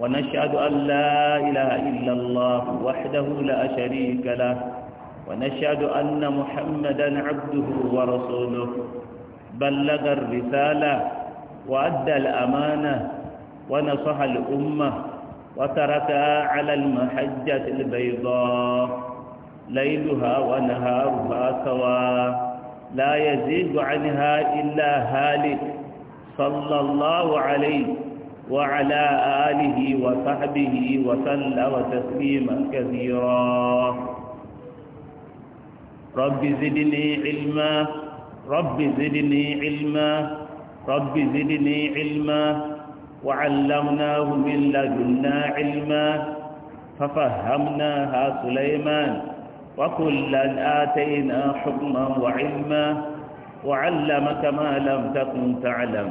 ونشهد أن لا إله إلا الله وحده لا شريك له ونشهد أن محمدا عبده ورسوله بلغ الرسالة وأدى الأمانة ونصح الأمة وتركها على المحجة البيضاء ليلها ونهارها سواء لا يزيد عنها إلا هالك صلى الله عليه وعلى آله وصحبه وسلم تسليما كثيرا رب زدني علما رب زدني علما رب زدني علما وعلمناه من لدنا علما ففهمناها سليمان وكلا آتينا حكما وعلما وعلمك ما لم تكن تعلم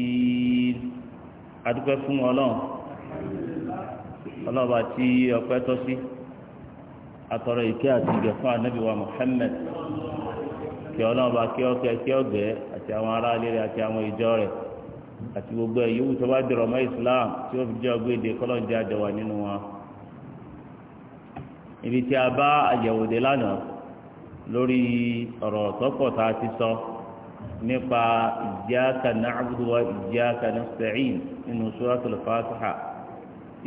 adúpẹ́ fún ọlọ́run ọlọ́ba tí ọpẹ́ tọ́ sí atọrọ ìkẹ́ àti ìgẹ̀ fún ànábì wa kí ọlọ́ba kí ọkẹ́ kí àti àwọn ará àti àwọn ìjọ rẹ àti gbogbo ẹ̀yọ́wù tó bá dìrọ̀ Islam tí ó fi jẹ́ ọgbẹ́dẹ kọ́lọ́njẹ́ àjọwà nínú wọn. ibi tí a bá àyẹ̀wò dé lánàá lórí ọ̀rọ̀ tọ́pọ̀ nípa iyyaka na'budu wa iyyaka nasta'in nínú suratul Fatiha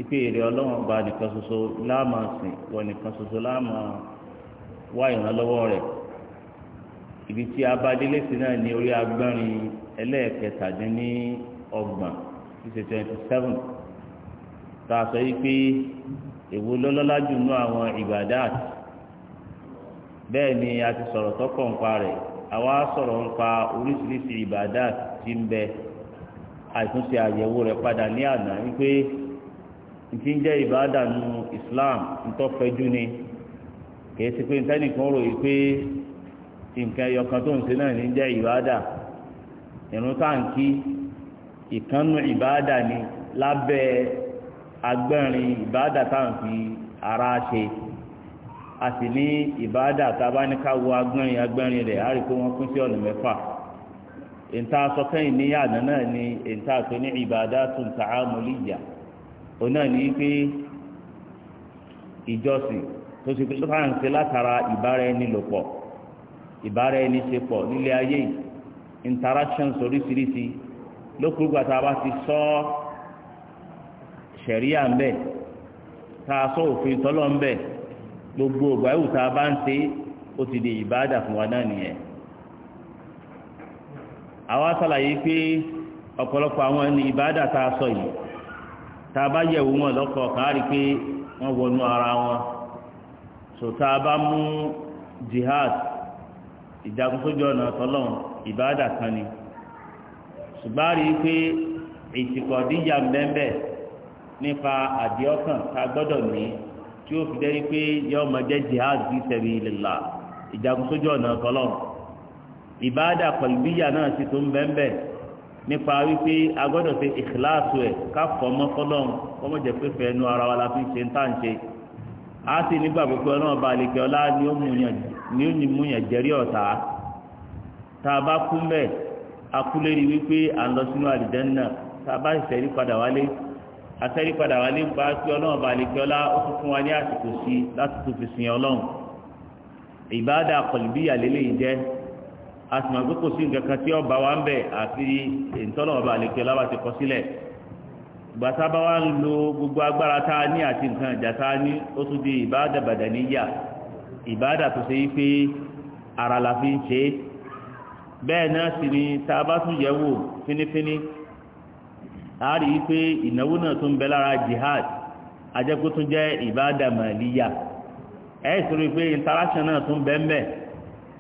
ipe èrè ọlọ́wọ́n ọba nìkan ṣoṣo láàmà sìn wọ nìkan ṣoṣo láàmà wá ìrànlọ́wọ́ rẹ̀ ibi tí abadélé sí náà ní orí agbárin ẹlẹ́ẹ̀kẹtàdínní ọgbọ̀n ṣíṣe twenty seven tá sọ yìí pé èwo lọ́lọ́lá jù nú àwọn ìbàdàt bẹ́ẹ̀ ni a ti sọ̀rọ̀ tọ́kọ̀ nípa rẹ̀ àwa sọ̀rọ̀ nípa oríṣiríṣi ibada ti ń bẹ àìtúnṣe àyẹ̀wò rẹ̀ padà ní àná wípé ntí ń jẹ́ ìbàdà nu Islam ni kìí ṣe pé ntẹ́nìkan rò yìí nke nǹkan ẹyọkan tó ń ṣe náà ní jẹ́ ìbàdà ìrun táǹkì ìkànnù ìbàdà ni lábẹ́ agbẹ́rin táǹkì ara ṣe. a sì ní ìbáàdà tábà ní ká wo agbẹ́rin agbẹ́rin rẹ̀ á rí i pé wọ́n kún sí ọ̀nà mẹ́fà ìta sọkẹ́yìn ní àná náà ni ìta tó ní ìbáàdà tó ń ta àmúlíyà òun náà ní pé ìjọsìn tó ti pé lọ́kàn ṣe látara ìbára ẹni lò pọ̀ ìbára ẹni ṣe pọ̀ nílé ayé interactions oríṣiríṣi lókùrúgbà tá a bá ti sọ ṣẹ̀ríà ń bẹ̀ tá a sọ òfin tọ́lọ́ ń bẹ̀ gbogbo ògbà ìwù tá a bá ń ṣe ó ti di ìbáàdà fún wa náà nìyẹn àwa ṣàlàyé pé ọ̀pọ̀lọpọ̀ àwọn ẹni ìbáàdà tá a sọ yìí tá a bá yẹ̀wò wọn lọ́kọ̀ káàrí pé wọ́n wọnú ara wọn so tá a bá mú jihad ìjagun sójú ọ̀nà tọ́lọ́n ìbáàdà kan ni ṣùgbọ́n a rí i pé ìtìkọ̀díyà ń bẹ́ẹ̀ nípa àdìọ́kàn tá a gbọ́dọ̀ ní tí ó fi dẹ́rí pé yóò máa jẹ́ jihad fi sabilillah ìjagun sójú ọ̀nà tọ́lọ̀ ìbáàdà qalbiyya náà sì tó ń bẹ́ńbẹ́ nípa wípé a gbọ́dọ̀ ṣe ìkìláàsù ẹ̀ káfọ́ mọ́ fọ́lọ́n kọ́mọ́ jẹ́ pé fẹ́ẹ́ nu ara wa la fi ṣe ń tàn ṣe á sì nígbàgbọ́ pé ọlọ́run bá lè kẹ́ ọlá ni ó mú yàn jẹ́rí ọ̀tá tá a bá kú mẹ́ akúlérí wípé à ń lọ sínú àlìjẹ́nnà tá a bá ìṣẹ́rí padà wálé atẹ́rípadà wálé ń bá kí ọlọ́run bá lè kíọ́lá ó tún fún wa ní àsìkò sí i láti tún fi sin ọlọ́run ìbáàdà kọ̀lìbí àlélẹ́ yìí jẹ́ a sì máa gbé kò sí nǹkan kan tí ó bá wa ń bẹ̀ àti ìtọ́lọ́run bá lè kíọ́lá wa ti kọ sílẹ̀ ìgbà tá a bá wa ń lo gbogbo agbára tá a ní àti nǹkan ìjà tá a ní ó tún di ìbáàdà bàdàníyà ìbáàdà tó ṣe pé ara la fi ń ṣe bẹ́ẹ̀ náà sì ni tá a bá tún yẹ̀ wò fínífíní a yi ìnáwó náà tó jihad ajẹ́kó tún jẹ́ ìbádàmàlíyà ẹ̀ sọ̀rọ̀ pé interaction náà tó bẹ ń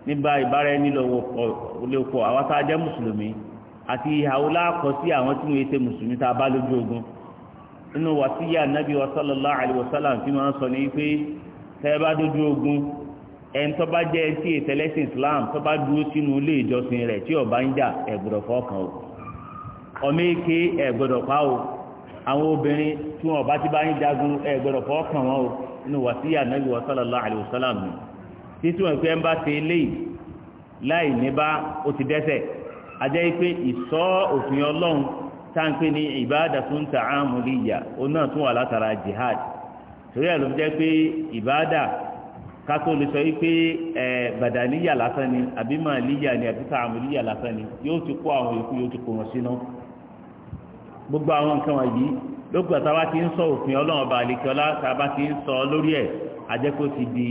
nígbà ìbára ẹni lọ́wọ́ àwọn mùsùlùmí àti ìhàwó láàkọ́ sí àwọn tí wọ́n mùsùlùmí ogun wa sallallahu alaihi wasallam tí ogun Islam ọmọ ike ẹ gbọ́dọ̀ pa o àwọn obìnrin tí wọn bá ti bá yín jagun ẹ ọkàn o alayhi wa ni wọn pé ń bá ṣe eléyìí láì ní ó ti dẹ́ṣẹ̀ ajẹ́ pé òfin ọlọ́run táǹpé ní ta'amuliyya ó náà tún wà jihad torí ẹ̀ ló jẹ́ pé ìbáàdà kátó lè sọ ẹ bàdàníyà lásán ni àbí màlíyà ni àbí lásán ni yóò ti kó àwọn yóò ti kó wọn sínú. gbogbo àwọn nǹkan wọ̀nyí lókùn àtàwá ti ń sọ òfin ọlọ́run ọba àlekíọ́lá tàbá ti ń sọ lórí ẹ̀ ajẹ́kó ti di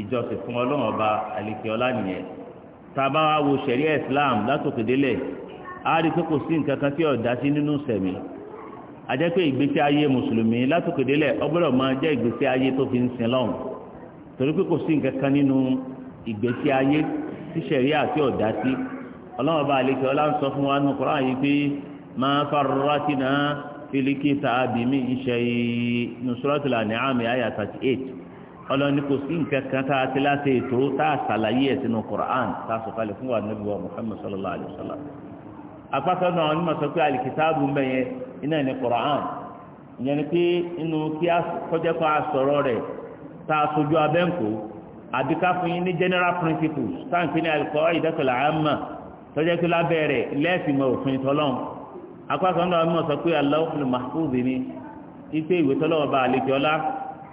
ìjọsìn fún ọlọ́run ọba àlekíọ́lá nìyẹn tàbá wo ṣẹ̀ríà Islam látòkè délẹ̀ á rí pé kò sí nǹkan kan tí ọ̀dá sí nínú sẹ̀mí ajẹ́kó ìgbésí ayé mùsùlùmí látòkè délẹ̀ ọgbọ́dọ̀ máa jẹ́ ìgbésí ayé tó fi ń sin lọ́hùn torí pé kò sí nǹkan kan nínú ìgbésí ma farratina fil kitabi min shay nusratul an'am aya 38 ọlọ́ni kò sí nǹkan kan tá a ti láti ètò tá a ṣàlàyé ẹ̀ sínú Qur'an tá a sọ̀kalẹ̀ fún wa Ànábì wa Muhammad sallallahu alayhi wa sallam apáta náà wọn ni màá sọ pé alikitaabu mbẹ́yẹ iná ní Qur'an ìyẹn ni pé inú kí a kọjá kó a sọ̀rọ̀ rẹ̀ tá sojú abẹ́ǹkó àbí ká fún yín ní general principles táǹkì ní al-qa'idatul 'amma tọ́jà kí lábẹ́ rẹ̀ lẹ́ẹ̀fì mọ òfin tọ́lọ́mù akpákan náà mímọ̀ sọ pé aláwọ̀kùnrin mahfúzi ni ipe ìwé tọ́lọ́wọ́ bá àlejò ọlá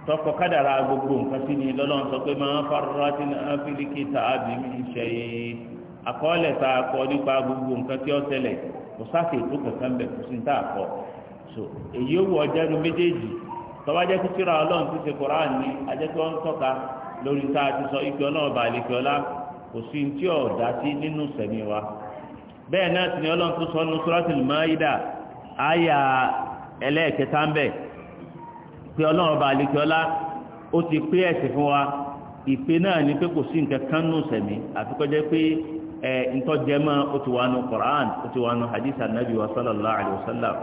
tọkọ kádàrá gbogbo nǹkan sí ni lọ́lọ́run sọ pé máa ń farọ́rọ́ tí náà fílíkì tààbí mi ṣe é àkọọ́lẹ̀ tá a kọ nípa gbogbo nǹkan tí ó ṣẹlẹ̀ kò sáfì ètò kankan bẹ̀ kò sí ní tá a kọ so èyí ó wù méjèèjì tọ́wá jẹ́ kíkíra ti ṣe koran ni ajẹ́ kí wọ́n tọ́ka lórí tá ti sọ ìpè ọlọ́run bá àlejò ọlá tí ọ̀dá sí nínú sẹ̀mí wa bẹ́ẹ̀ náà sì ni ọlọ́run tó sọ nínú suratul Maida àyà ẹlẹ́ẹ̀kẹta ń bẹ̀ pé ọlọ́run ọba àlekíọ́lá ó ti pé ẹ̀sìn fún wa ìpè náà ni pé kò sí nǹkan kan nù sẹ̀mí àfikọ́jẹ́ pé ẹ̀ ntọ́jẹ́mọ́ ó ti wà nù Qur'an ó ti wà nù hadith anabi wa sallallahu alayhi wa sallam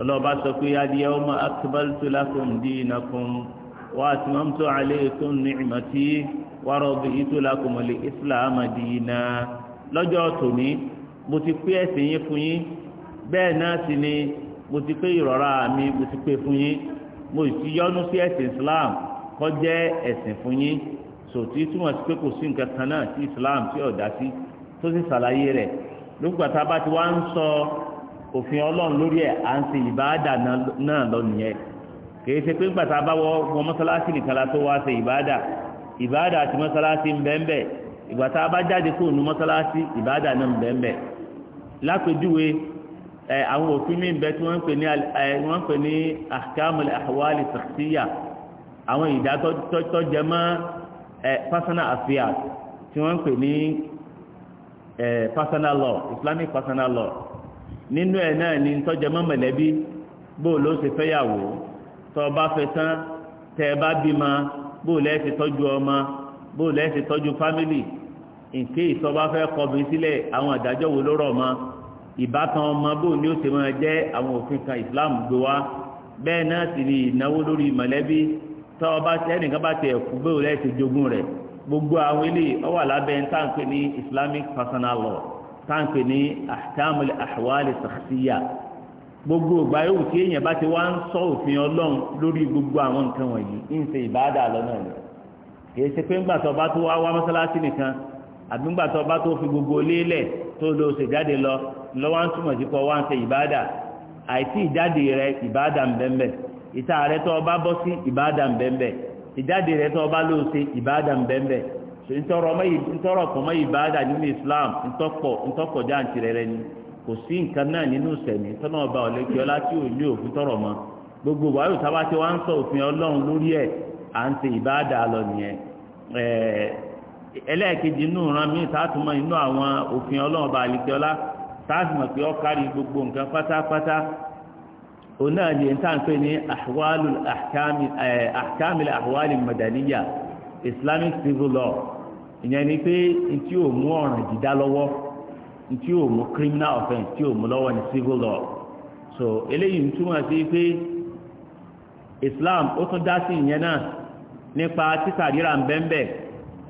ọlọ́ba sọ pé al-yawma akmaltu lakum dinakum wa atmamtu alaykum ni'mati wa raditu lakum al-islama dina lọ́jọ́ mo ti pé ẹ̀sìn yín fún yín bẹ́ẹ̀ náà sì ni mo ti pé ìrọ̀rá mi mo ti pé fún yín mo sì yọ́nú sí ẹ̀sìn Islam kó jẹ́ ẹ̀sìn fún yín sòtí túmọ̀ sí pé kò sí nǹkan kan náà tí Islam tí ọ̀dá sí tó sì ṣàlàyé rẹ̀ lókùgbà tá a bá ti wá ń sọ òfin Ọlọ́run lórí ẹ̀ à ń ṣe ìbáàdà náà lọ nìyẹn kì í ṣe pé gbàtà bá wọ wọ mọ́sálásí nìkan la tó wá ṣe ìbáàdà ìbáàdà àti mọ́sálásí ń bẹ́ẹ̀ bẹ́ẹ̀ ìgbàtà bá jáde kó nu mọ́sálásí ìbáàdà náà ń bẹ́ẹ̀ bẹ́ẹ̀ lápèjúwe àwọn òfin mi bẹ tí wọ́n ń pè ní wọ́n ń pè ní ahkamul ahwali shakhsiyya àwọn ìdá jẹ mọ́ personal affairs tí wọ́n ń pè ní personal law islamic personal law nínú ẹ̀ náà ni tó jẹ mọ́ mọ̀lẹ́bí bó ló ṣe fẹ́yàwó tó bá fẹ́ tán tẹ́ ẹ bá bímọ bó lẹ́ẹ̀ ṣe tọ́jú ọmọ bó lẹ́ẹ̀ tọ́jú fámìlì nke ìsọba fẹ́ kọbi sílẹ̀ àwọn ìdájọ́ wo ló rọ̀ mọ́ ìbátan ọmọ bò ní ó máa jẹ́ àwọn òfin kan Islam gbé wá bẹ́ẹ̀ náà sì ni ìnáwó lórí mọ̀lẹ́bí tọ́ ọba ẹnìkan bá tiẹ̀ kú bẹ́ẹ̀ lẹ́ẹ̀ ti jogún rẹ̀ gbogbo àwọn eléyìí ó wà táǹkì ní Islamic personal law táǹkì ní ahkamul ahwali sakhsiya gbogbo ìgbà yòówù tí èèyàn bá ti wá ń sọ òfin Ọlọ́run lórí gbogbo àwọn nǹkan wọ̀nyí ń ṣe ìbáàdà lọ́nà rẹ̀ kì í ṣe pé ńgbà tó bá tó wá wá mọ́sálásí nìkan àdúgbà tó bá tó fi gbogbo lélẹ̀ tó lọ ṣèjáde lọ lọ́wọ́ ń túmọ̀ sí kọ́ wá ń ṣe ìbáàdà àìsí ìjáde rẹ ìbáàdà ń bẹ́ńbẹ́ ìta rẹ tó bá bọ́ sí ìbáàdà ń bẹ́ńbẹ́ ìjáde rẹ tó bá lọ ṣe ìbáàdà ń bẹ́ńbẹ́ ntọrọ ìbáàdà nínú Islam ntọkọ ntọkọjá àǹtirẹrẹ ni kò sí nǹkan náà nínú sẹ̀mí tọ́nà ọba ọ̀lẹ́kẹ́ ọlá tí ò ní òfin tọrọ mọ́ gbogbo ẹlẹ́ẹ̀kejì inú ran mí sátúmọ̀ inú àwọn òfin ọlọ́run bá àlìkẹ́ ọlá sáàtúmọ̀ pé ó kárí gbogbo nǹkan pátápátá O náà lè ń ní madaniya islamic civil law ìyẹn ni pé ntí ò mú ọ̀ràn dídá lọ́wọ́ ntí ò mú criminal offence tí ò mú lọ́wọ́ ní civil law so eléyìí ń túmọ̀ islam ó tún dá sí ìyẹn náà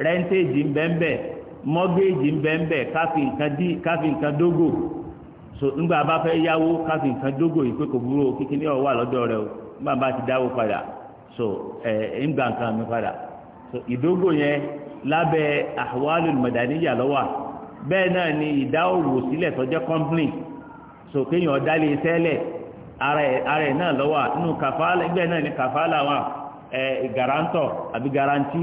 rẹ́ńtéèjì ń bẹ ń bẹ mọ́géèjì ń ń káfí so ńgbà bá fẹ́ yáwó káfí nǹkan dógò yìí pé kò burú o kíkí ní ti dáwó padà so ẹ mi padà so ìdógò yẹn lábẹ́ ahwalul madaniyya lọ́wà bẹ́ẹ̀ náà ni ìdá sílẹ̀ tó jẹ́ so kéèyàn sẹ́lẹ̀ ara ẹ̀ náà lọ́wà nínú náà ni wà àbí garanti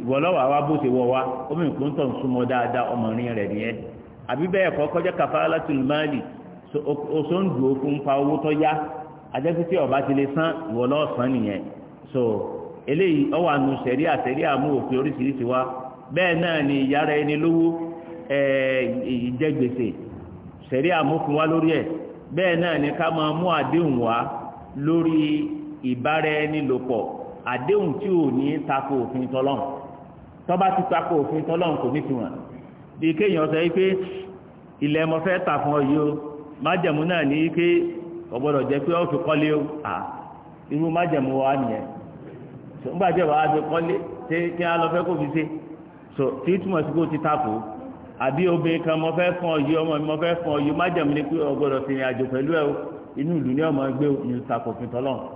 ìwọ lọ́wọ́ àwa bó ṣe wọ wa ó mì kó ń tọ̀ ń súnmọ́ dáadáa ọmọrin rẹ̀ nìyẹn àbí bẹ́ẹ̀ kọ́ kọjá kàfàrà láti lùmáàlì oṣù ń dùn òkú ń pa owó tó yá adẹ́sítì ọba ti lè san ìwọ san nìyẹn so eléyìí ọwọ́ àánú sẹ̀rí àsẹ̀rí àmú òfin oríṣiríṣi wa bẹ́ẹ̀ náà ni ìyára ẹni lówó ìjẹgbèsè sẹ̀rí àmú fún wa lórí ẹ̀ bẹ́ẹ̀ náà ni ká máa mú àdéhùn wá lórí ìbára ẹni lòpọ̀ àdéhùn tí ò ní tako òfin tọlọ́n tọ́ba ti tako òfin tọlọ́n kò ní tiwọn bí kéèyàn sọ yìí pé ilẹ̀ mo fẹ́ tà fún ọ yìí o májẹ̀mú náà ní pé kò jẹ́ pé ó fi kọ́lé o à irú májẹ̀mú wa nìyẹn nígbà tí ìwà fi kọ́lé ṣé kí á lọ fẹ́ kó fi ṣe so tí túmọ̀ sí kó ti tako àbí obìnrin kan mo fẹ́ fún ọ yìí ọmọ mi mo fẹ́ fún ọ yìí májẹ̀mú ni pé ó gbọ́dọ̀ ṣèrìn àjò pẹ̀lú ẹ o inú ìlú ni ọmọ ẹgbẹ́ òyìn takò fi tọ́lọ́run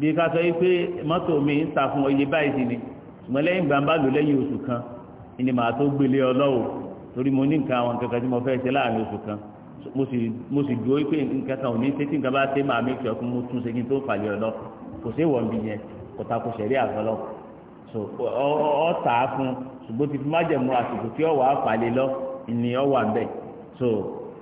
bí ká sọ wípé mọ́tò mi ń ta fún iye báyìí sí ni ṣùgbọ́n lẹ́yìn ìgbà ń bá lò lẹ́yìn oṣù kan ni màá tó gbélé ọlọ́wọ́ torí mo ní nǹkan àwọn nǹkan kan tí mo fẹ́ ṣe láàrin oṣù kan mo sì dúró wípé nǹkan kan ò ní sétí nǹkan bá ṣe máa mi kí ọkùnrin mo tún ṣe kí n tó fàlẹ́ ọlọ́ kò sí ìwọ̀n bí yẹn kò ta kò ṣẹ̀rí àgọ́lọ́ ọ tà á fún ṣùgbọ́n ti fi májẹ̀mú àsìkò tí ọ wà á fàlẹ́ lọ ni ọ wà bẹ́ẹ̀ so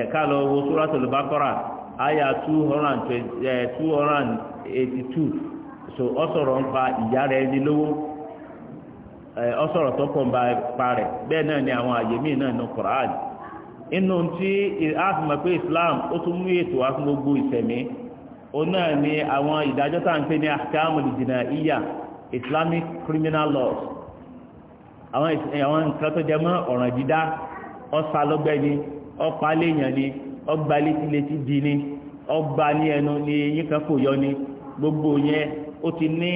ẹ̀ka lọ wo suratul Baqara àyà two hundred eh, so ọ ń pa ìyá rẹ̀ ní lówó ọ sọ̀rọ̀ tó kàn bá pa rẹ̀ bẹ́ẹ̀ náà ni àwọn àyè míì Islam ó tún mú ètò wá fún gbogbo ìsẹ̀mí òun náà ni àwọn ìdájọ́ tá à ń Islamic criminal laws àwọn nǹkan tó jẹ mọ́ ọ̀ràn dídá ọ̀sà lọ́gbẹ́ni ọ̀pá léèyàn ni ọgbà létí létí di ni ọgbà ní ẹnu ni eyín kan kò yọ ni gbogbo yẹn ó ti ní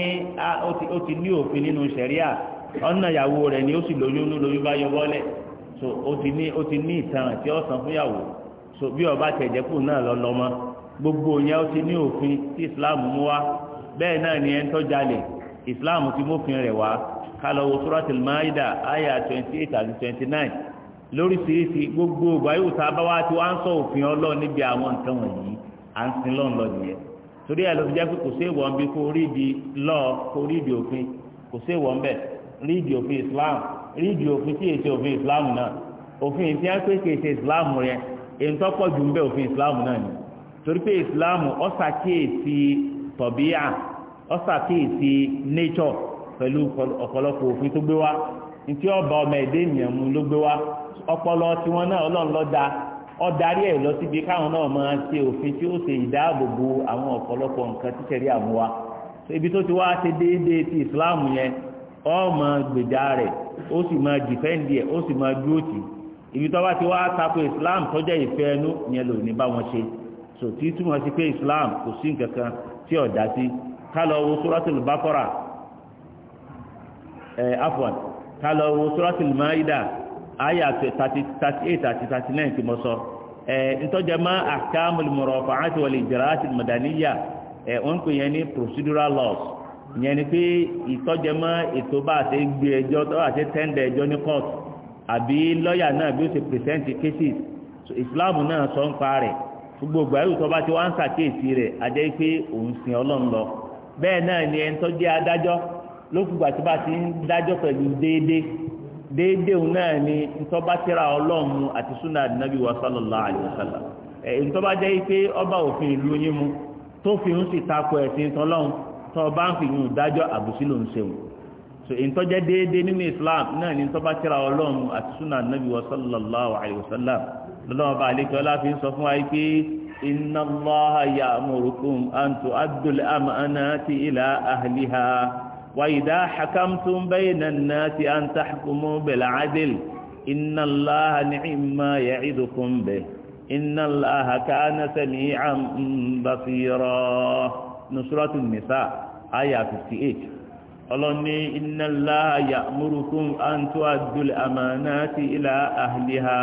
ó ti ní òfin nínú sẹ̀ríà ọ̀nà ìyàwó rẹ̀ ni ó sì lóyún ní lóyún bá yọ bọ́lẹ̀ so ó ti ní ó ti ní ìtanràn tí ó san fún ìyàwó so bí ọba tẹ̀jẹ̀kù náà lọ gbogbo yẹn ó ti ní òfin tí Islam mú wá bẹ́ẹ̀ náà ni ẹ̀ ń tọ́jalè Islam ti mófin rẹ̀ wá kálọ̀wọ̀ Suratul Maida ayah twenty eight àti twenty nine. lóríṣiríṣi gbogbo si, yóò tá a bá wá tí wọ́n á ń sọ òfin ọlọ́run níbi àwọn nǹkan wọ̀nyí à ń sin lọ́n lọ nìyẹn torí ẹ̀ ló fi jẹ́ pé kò sí ìwọ̀n bí kò rí ibi lọ́ọ̀ kò rí ibi òfin kò sí ìwọ̀n bẹ́ẹ̀ rí ibi òfin Islam rí ibi òfin tí èsì òfin Islam náà òfin ìfíà pé kì í ṣe Islam rẹ èyí pọ̀ jù ń bẹ òfin Islam náà ni torí pé Islam ọ̀sàkíyèsí tọ̀bíyà ọ̀sàkíyèsí nature pẹ̀lú ọ̀pọ̀lọpọ̀ òfin tó gbé wá ntí ọba ọmọ ẹ̀dẹ́ mu ló gbé wá ọpọlọ tiwọn náà ọlọ́run ló dá ó darí ẹ̀ lọ síbi káwọn náà máa ṣe òfin tí ó ṣe ìdáàbòbò àwọn ọ̀pọ̀lọpọ̀ nǹkan tíṣẹ̀rí àmúwa ibi tó ti wá ṣe déédéé ti Islam yẹn ó máa gbèjà rẹ̀ ó sì máa dìfẹ́ǹdì ẹ̀ ó sì máa dúró tì ibi tó bá ti wá tako Islam tó jẹ́ ìfẹ́ ẹnu yẹn ló ní bá wọn ṣe so tí túmọ̀ sí pé Islam kò sí nǹkan kan tí ó dá sí kálọ̀ wo Suratul Baqara ẹ̀ afwan kálọ̀ wo Suratul Maida àyà thirty eight àti thirty nine tí mo sọ ẹ̀ ntọ́jàmọ́ ahkamul murafa'ati wal ijra'ati al-madaniyya ẹ̀ wọ́n pè yẹn ní procedural laws ìyẹn ni pé ìtọ́jàmọ́ ètò bá a ṣe gbé ẹjọ́ tó a ṣe tẹ́ndẹ̀ ẹjọ́ ní court àbí lọ́ọ̀yà náà bí ó ṣe present cases So Islam náà sọ ń pa rẹ̀ gbogbo ẹrù tó bá ti wá ń sàkíyèsí rẹ̀ ajẹ́ pé òun sin ọlọ́run lọ bẹ́ẹ̀ náà ni ẹni tó jẹ́ adájọ́ lókùgbà tó bá ti ń dájọ́ pẹ̀lú déédéé déédéé náà ni ntọ́ba tíra ọlọ́run àti súnà àdínábì wa sallallahu alayhi wa sallam ẹ̀ ntọ́ba jẹ́ pé ọba òfin ìlú yín mu tó fi ń sì takò ẹ̀sìn tọ́lọ́run tó ọba ń fi yún dájọ́ àbùsí ló ń ṣeun so ntọ́jẹ́ déédéé nínú islam náà ni ntọ́ba tíra àti súnà àdínábì wa sallallahu alayhi wa sallam lọ́lọ́wọ́ ọlá fi ń sọ fún wa pé inna Allaha ya'murukum an tu'addu وإذا حكمتم بين الناس أن تحكموا بالعدل إن الله نعم ما يعظكم به إن الله كان سميعا بصيرا نصرة النساء آية 58 ọlọ́ni inna Allaha ya'murukum an tu'addu al-amanati ila ahliha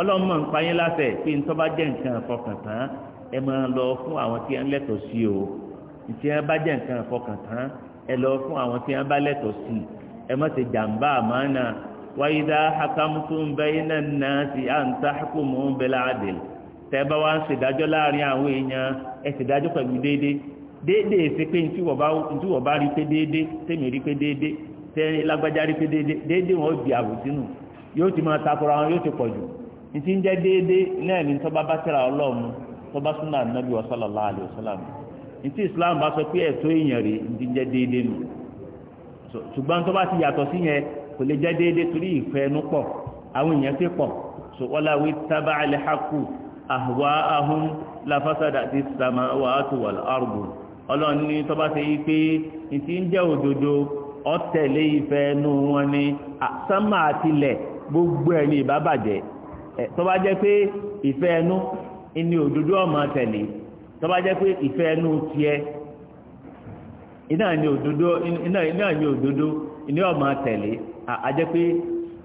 ọlọ́mọ ń payín láfẹ̀ pé ń tọ́ba jẹ́ nǹkan fọkàntán ẹ máa lọ fún àwọn tí ẹ ń lẹ́tọ̀ọ́ sí o tí ẹ bá jẹ́ nǹkan fọkàntán ẹ lọ fún àwọn tí wọ́n bá lẹ́tọ̀ọ́ sí ẹ má ṣe jàǹbá àmánà nasi an hakumu bil adl tẹ́ bá wá ń ṣèdájọ́ láàrin àwọn èèyàn ẹ ṣèdájọ́ deede déédéé déédéé ṣe pé ntí wọ́n bá rí pé déédéé tèmi rí pé déédéé tẹ́ni lágbájá rí pé déédéé déédéé wọn ó àbùsínú yóò ti máa yóò ti jù ntí ń náà ntí islam bá sọ pé ẹ̀tọ́ èèyàn rè ti jẹ́ déédéé nù ṣùgbọ́n tó bá ti yàtọ̀ sí yẹn kò lè jẹ́ déédéé torí ìfẹ́ ẹnu pọ̀ àwọn èèyàn ti pọ̀ so wọ́n láwé tábà alẹ́hàkù àwa ahun lafasada ti sàmà wà á tó wà lárùbù ọlọ́run ní tó bá ṣe yí pé ntí ń jẹ́ òdodo ọ̀tẹ̀lé ìfẹ́ ẹnu wọn ni sánmà àtilẹ̀ gbogbo ẹ̀ ìbábàjẹ́ tó bá jẹ́ pé ìfẹ́ ẹnu òdodo ọmọ tẹ̀lé tọba jẹ́ pé ìfẹ́ ẹnu tiẹ̀ iná ni òdodo ni òdodo ni tẹ̀lé àjẹ́ pé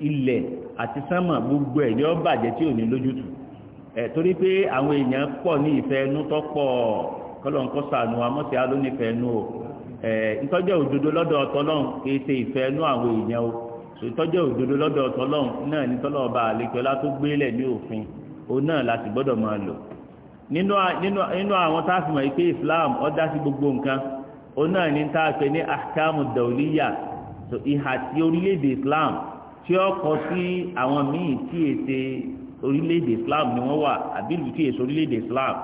ilẹ̀ àti sánmà gbogbo ẹ̀ ni ó bàjẹ́ tí ò ní ẹ̀ torí pé àwọn èèyàn pọ̀ o ìtọ́jọ́ òdodo lọ́dọ̀ ọ̀tọ́lọ́hún kì í ṣe ìfẹ́ ẹnu àwọn èèyàn o ìtọ́jọ́ òdodo lọ́dọ̀ ọ̀tọ́lọ́hún náà ní tọ́lọ́ọ̀bà àlekọ́lá tó gbélẹ̀ ní òfin òun náà nínú nínú àwọn tá a fi islam ó dá sí gbogbo nǹkan òun náà ní tá ní ahkamu dawliya so ìhà tí orílẹ̀-èdè islam tí ó kọ sí àwọn míì tí èsè orílẹ̀-èdè islam ni wọ́n wà àbí tí èsè orílẹ̀-èdè islam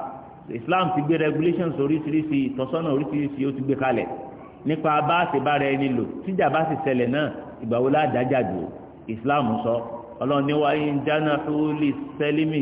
islam ti gbé regulations oríṣiríṣi ìtọ́sọ́nà oríṣiríṣi ó ti gbé kalẹ̀ nípa bá a ṣe bára ẹni lò tíjà bá sì ṣẹlẹ̀ náà ìgbà wo jù islam sọ ọlọ́run ní wáyé ń jáná fúlì sẹ́límì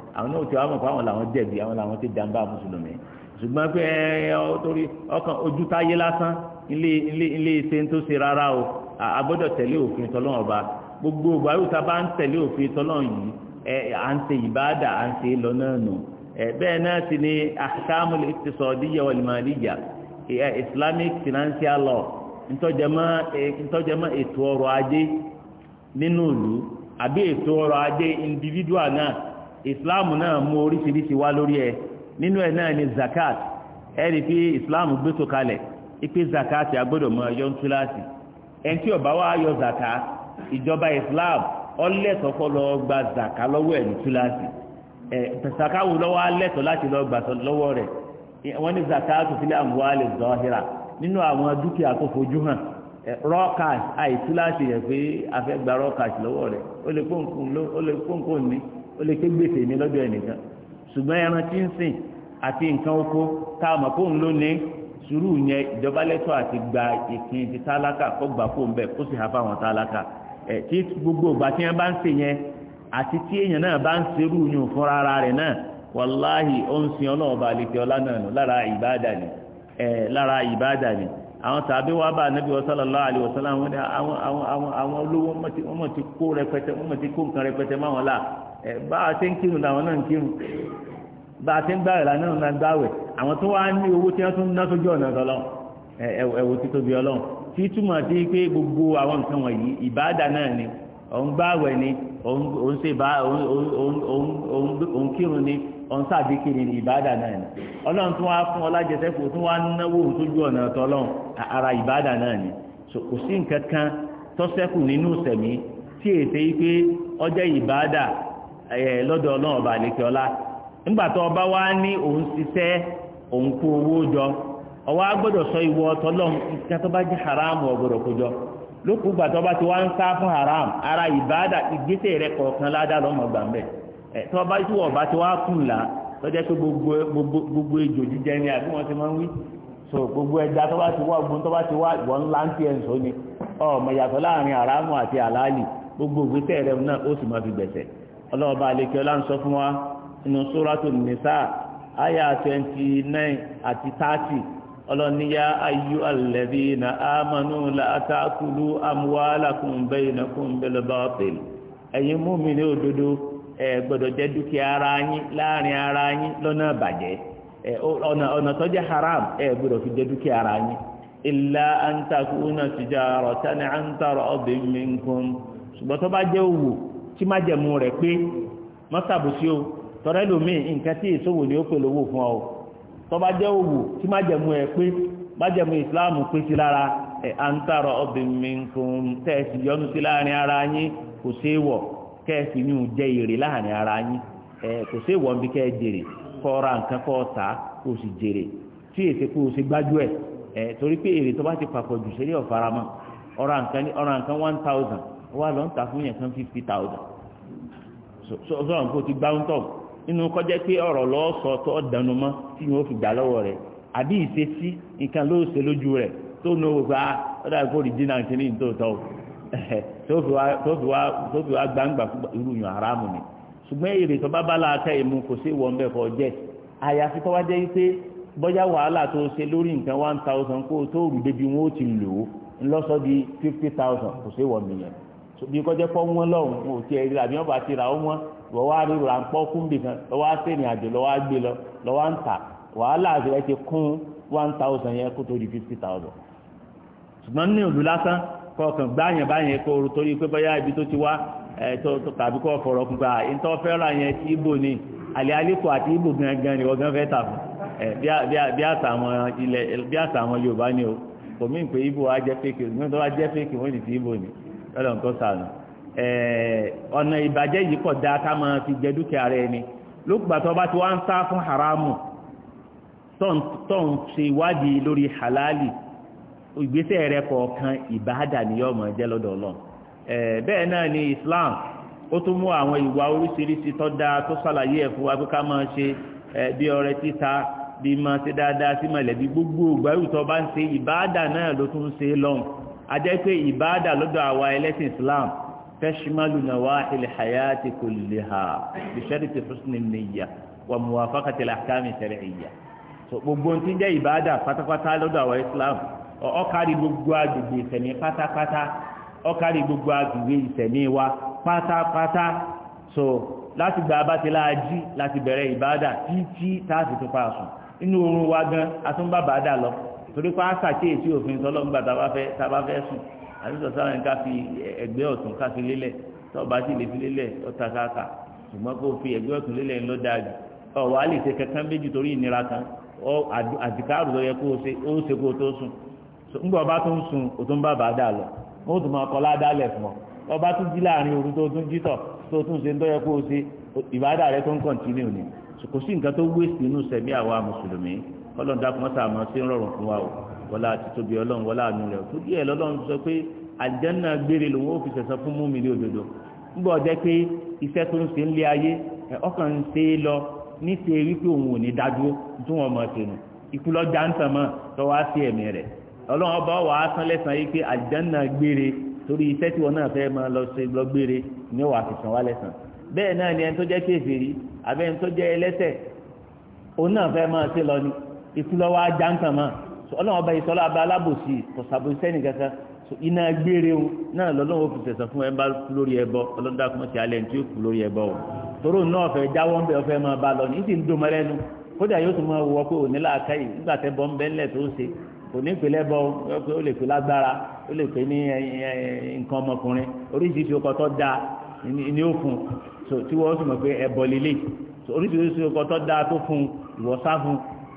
àwọn náà ti wá mọ̀ pé àwọn làwọn jẹ̀bi àwọn làwọn ti jàǹbá mùsùlùmí ṣùgbọ́n pé ẹ ọ torí ọkàn ojú táyé lásán ilé ilé ilé iṣẹ́ tó ṣe rárá o àgbọ́dọ̀ tẹ̀lé òfin tọ́lọ́run ọba gbogbo ìgbàlùta bá ń tẹ̀lé òfin tọ́lọ́run yìí ẹ à ń ṣe ìbáàdà à ń ṣe lọ náà nù ẹ bẹ́ẹ̀ náà sì ni ahkamul iqtisadiyya wal maliyya islamic financial law ntọ́jẹmọ́ ètò ọrọ̀ ajé nínú ìlú àbí ètò ọrọ̀ ajé individual náà ìsìláàmù náà mú oríṣiríṣi wá lórí ẹ nínú ẹ náà ni zakat ẹni pé ìsìláàmù gbèsò kalẹ̀ ipe zakat agbọ́dọ̀ mọ ọyọ́ ń túláàsì ẹni tí ó bá wá yọ zakat ìjọba ìsìláàmù ọlẹ́tọ̀ lọ gba zakat lọ́wọ́ ẹ̀ ní túláàsì ẹ̀ sàkáwù lọ́wọ́ alẹ́tọ̀ láti lọ gbà lọ́wọ́ rẹ̀ wọ́n ní zakat fil amwali zahira nínú àwọn dúkìá tó fojú hàn rọ́ọ̀kà àìtúláàsì rẹ̀ pé afẹ́ gba rọ́ọ̀kà lọ́wọ́ rẹ̀ ó lè kóńkó ní ó lè ké gbèsè mi lọ́dọ̀ ẹnìkan ṣùgbọ́n ẹran tí ń sìn àti nǹkan oko tá a mọ̀ kó ń lónìí sùúrù yẹn ìjọba lẹ́tọ̀ọ́ àti gba ìpín ti tálákà kó gbà kó ń bẹ̀ kó sì ha fáwọn tálákà ẹ̀ tí gbogbo ìgbà tí wọ́n bá ń sìn yẹn àti tí èèyàn náà bá ń serú yùn fúnra ara rẹ̀ náà wàláhì ó ń sin ọlọ́run ọba àlejò ọlá náà nù lára ìbáàdà ni ẹ̀ lára ìbáàdà ni àwọn tàbí wàá bá anabi sallallahu alaihi wasallam àwọn àwọn àwọn olówó wọ́n mọ̀ ti kó rẹpẹtẹ wọ́n mọ̀ ti kó nǹkan rẹpẹtẹ máwọn láà bá a ti ń kírun làwọn náà ń kírun bá a ti ń gbàrẹ̀ làwọn náà ń gbàwẹ̀ àwọn tó wá ní owó tí wọ́n tún ná sójú ọ̀nà ọlọ́run ẹ̀wò títóbi ọlọ́run tí túmọ̀ sí pé gbogbo àwọn nǹkan wọ̀nyí ìbáàdà náà ni òun gbàwẹ̀ ni òun ṣe bá òun kírun ni òun sàdíkiri ni ìbáàdà náà ni ọlọ́run tún wá fún ọlájẹsẹ́kù ara ìbáàdà náà ni kò sí nǹkan kan tọ́sẹ́kù nínú ìsẹ̀mí tí èsè yìí pé ìbáàdà lọ́dọ̀ ọlọ́run ọba àlekè ọlá nígbà ọba wa ní òun ṣiṣẹ́ òun kú owó jọ ọwọ́ agbọ́dọ̀ sọ ìwọ ọtọlọ́run nǹkan tó bá jẹ́ haramu ọgbọ́dọ̀ kó jọ lókùú gbà ti wá ń sá haram ara ìbáàdà ìgbésẹ̀ rẹ kọ̀ọ̀kan lọ́mọ tí ọba ti wá gbogbo ejò jíjẹ ni àbí so gbogbo ẹja ti wá ti wá ńlá ń tiẹ̀ ni gbogbo ọlọ́ọ̀bá àlekẹ́ ọlá ń sọ fún wa nínú sóràtò nìsá àyà twenty nine àti thirty ọlọ́níyá ayú alẹ́bí na ámánú làtàkùlù amúhálàkùn bẹ́yìnàkùn bẹ́lẹ́bàpẹ̀l ẹ̀yin múmi ní òdodo ẹ̀ gbọ́dọ̀ jẹ́ dúkìá ara yín láàrin ara yín lọ́nà àbàjẹ́ ọ̀nà ọ̀nà haram ẹ̀ fi jẹ́ dúkìá ara yín ilá àǹtakùnà tìjà rọ̀ tani àǹtarọ̀ ọ̀bẹ̀ mìíràn ṣùgbọ́n tó bá jẹ́ òwò tí má jẹ̀mú rẹ̀ pé mọ́sàbùsí o tọrẹ lómi nǹkan tí ìṣòwò ni ó pè lówó fún ọ tọba jẹ́ òwò tí má jẹ̀mú ẹ pé má jẹ̀mú ìsìláàmù pé sí lára ẹ̀ à ń tààrọ̀ ọbẹ̀ mi nǹkan tẹ̀sí yọnu sí láàrin ara yín kò ṣeé wọ̀ kẹ́ẹ̀sì ní ò jẹ́ èrè láàrin ara yín ẹ̀ kò ṣeé wọ̀ bí kẹ́ẹ̀ jèrè kọ́ ra nǹkan kọ́ ta kò sì jèrè tí èsì kò sì gbájú ẹ̀ ẹ̀ torí pé èrè tó bá ti papọ̀ jù ṣe ní ọ̀faramọ́ ọ̀ra nǹkan one thousand wà lọ́n ta fún yẹn kan fifty thousand sọ̀rọ̀ kò ti gbáńtọ̀ inú kọjá pé ọ̀rọ̀ lọ tó tọ tí wọ́n fi gbà lọ́wọ́ rẹ̀ àbí ìṣesí nǹkan ló ṣe lójú rẹ̀ tó nu òkú a ọ̀dà kó rí dínà kínní tó tó fi wá gbangba irú yàn aráàmù ni ṣùgbọ́n èrè tó bá bá kò sí bẹ́ẹ̀ kọ́ jẹ́ àyàfi wá jẹ́ pé bọ́yá wàhálà tó ṣe lórí nǹkan one thousand kó tó rù débi wọn ó bí kọjá pọ́ wọn lọ́hùn kò tí ẹ àbí wọn bá ti rà ó wọn lọ́ wá rí ra ń pọ́ kúndì kan lọ́ wá sẹ́ni àjò lọ́ wá lọ lọ́ wá wàhálà àti ẹ ti kún one thousand yẹn kó tó di fifty thousand ṣùgbọ́n ní òdù lásán kọkàn gbáyàn báyẹn kó o torí pé bóyá ibi tó ti wá ẹ tó tàbí kó o fọ̀rọ̀ kúgbà ìtọ́ fẹ́ràn yẹn ti ibo ni àlẹ́ àlékò àti ibo gangan ni wọ́n gan fẹ́ tà fún bí ọlọ́run tó sànù ọ̀nà ìbàjẹ́ yìí kọ̀ dáa ká máa fi jẹ dúkìá rẹ ni lókùgbà tó bá ti wá ń sá fún haramu tó ń ṣe ìwádìí lórí halali ìgbésẹ̀ rẹ kọ̀ọ̀kan ìbáàdà ni yóò máa jẹ́ lọ́dọ̀ ọlọ́run bẹ́ẹ̀ náà ni Islam ó tún mú àwọn ìwà oríṣiríṣi tó dáa tó ṣàlàyé ẹ̀ fún wa pé ká máa ṣe bí ọrẹ títa bí máa ṣe dáadáa sí mọ̀lẹ́bí ajẹ́ pé ìbáàdà lọ́dọ̀ àwa ẹlẹ́sìn islam tashmalu nawahil hayati kulliha bi sharti husni niyya wa muwafaqati al-ahkam ash-shar'iyya so gbogbo tí ń jẹ́ ìbáàdà pátápátá lọ́dọ̀ àwa islam ó kárí gbogbo agbègbè ìsẹ̀mí pátápátá ó gbogbo agbègbè ìsẹ̀mí wa pátápátá so láti gba abá ti láàájí láti bẹ̀rẹ̀ ìbáàdà títí táàsì tó pa àsùn inú oorun wa gan atúnbàbàdà lọ torí pé a ṣàkíyèsí òfin tọ́lọ́mùgbà tàbá fẹ́ tàbá fẹ́ sùn àtúntò sára ní ká fi ẹgbẹ́ ọ̀tún ká fi lélẹ̀ tọ́ọ̀bá sì lè fi lélẹ̀ ọ̀tá káàkà ṣùgbọ́n kó fi ẹgbẹ́ ọ̀tún lélẹ̀ ńlọ dáa jù ọ̀wọ́ á lè ṣe kankan méjì torí ìnira kan àdìkárù lọ yẹ kó o ṣe kó o tó sùn ńgbà ọba tó ń sùn o tó ń bá bàá dà lọ ó tún máa kọ ládàálẹ̀ fún ọ ọba tún jí láàrin òru tó tún jítọ̀ tó tún ṣe ń tọ́ kó o ṣe ìbádà rẹ tó ń kọ̀ntínú ni kò sí nǹkan tó wéṣì inú sẹ̀mí àwa mùsùlùmí ọlọ́run dákun mọ́tà rọrùn fún wa o wọlá àti tóbi ọlọ́run wọlá àánú rẹ̀ tó díẹ̀ lọ́lọ́run sọ pé àjẹ́nà gbére lòun ó fi sẹ̀sọ fún mú mi ní òdodo nígbà ọjọ́ pé iṣẹ́ tó ń ṣe ń lé ayé ọkàn ń ṣe é lọ ní ṣe wípé òun ò ní mọ̀ ṣe nù ikú lọ́jà ń tàn mọ́ sí ẹ̀mí rẹ̀ ọlọ́run ọba wà á sán lẹ́sàn yìí pé ikú lọ́wọ́ ajá ń tàn mọ́ ọlọ́run ọba ìsọlá abẹ́ alábòsí kò sàbòsí sẹ́nìkankan iná gbére o náà lọ́lọ́wọ́ fi tẹ̀sán fún ẹ̀ńbá lórí ẹbọ ọlọ́dà kan ti alẹ́ tí ó kù lórí ẹbọ o tóró náà fẹ́ jáwọ́ ń bẹ ọ̀fẹ́ máa bá lọ ní ti ń domọ lẹ́nu kódà yóò tún máa wọ pé òní làákà yìí nígbà tẹ́ bọ́ ń bẹ́ ńlẹ̀ tó ṣe kò ní pè lẹ́bọ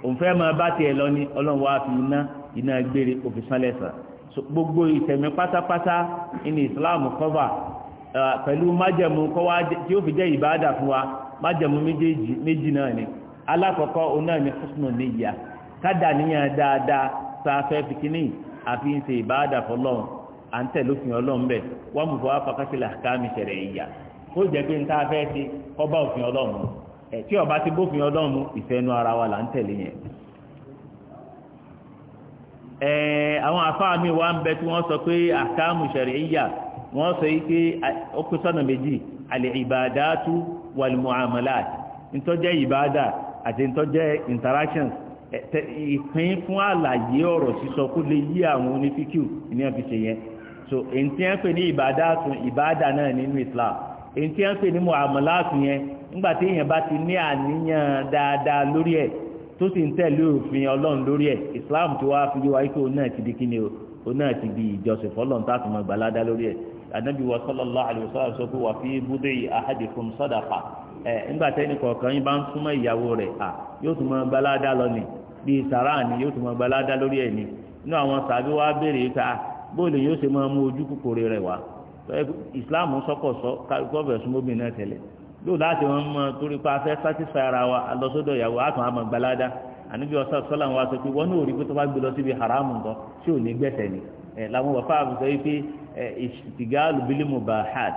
òun fẹ́ máa bá tiẹ̀ lọ ní ọlọ́run wá fi iná iná gbére òfin sánlẹ̀ sàn gbogbo ìtẹ̀mí pátápátá ní ìsìláàmù kọ́fà pẹ̀lú májẹ̀mú kọ́wá tí ó fi jẹ́ ìbáàdà fún wa májẹ̀mú méjì náà ni alákọ̀ọ́kọ́ òun náà ni husnu níyà kádà níyàn dáadáa sáfẹ́ fikini àfi ń ṣe ìbáàdà fọlọ́run à ń tẹ̀lé ọlọ́run bẹ̀ wọ́n mú fọwọ́ fakásílẹ̀ àkáàmì ṣẹ̀rẹ̀ ìyà kó jẹ́ pé ń tá ṣe kọ́ bá òfin ọlọ́run tí ọba ti bófin ọlọ́run ìfẹ́nu ara wa là ń tẹ̀lé yẹn àwọn afáà mi ń bẹ tí wọ́n sọ pé àkàmù ṣàríyà wọ́n sọ yìí pé ó kú sọ́nà méjì àlè ìbàdàtú wàlùmọ̀ àti ntọ́jẹ́ interactions ìpín fún àlàyé ọ̀rọ̀ sísọ kó lè yí àwọn ní ṣe yẹn so èyí tí wọ́n pè Islam èyí tí wọ́n pè yẹn nígbà tí èèyàn bá ti ní àníyàn dáadáa lórí ẹ̀ tó sì ń tẹ̀lé òfin ọlọ́run islam tí wàá fi yé pé òun náà ti di kíni o òun náà ti di ìjọsìn fọlọ́run tá a tún lórí anabi wa alayhi wa sallam wà fi búdé ahadikum sadaqa ẹ̀ nígbà tí ẹnì kọ̀ọ̀kan yín bá ń súnmọ́ ìyàwó rẹ̀ à yóò tún mọ lọ ni bíi sàrà ni yóò tún mọ lórí ni inú àwọn sàbí wa béèrè yìí ká bóòlù yóò ṣe lóò láti wọn mọ torí pa afẹ́ sátífà ara wa alọ́sọ́dọ̀ ìyàwó àtún àmọ̀ gbalada àníbi ọ̀sán sọ́là wa sọ pé wọ́n náà rí pé tó bá gbé lọ síbi haramu nǹkan tí ò ní gbẹ̀sẹ̀ ni ẹ̀ làwọn wàfà àbùsọ yìí pé ẹ̀ ìtìgáàlù bílí mubahad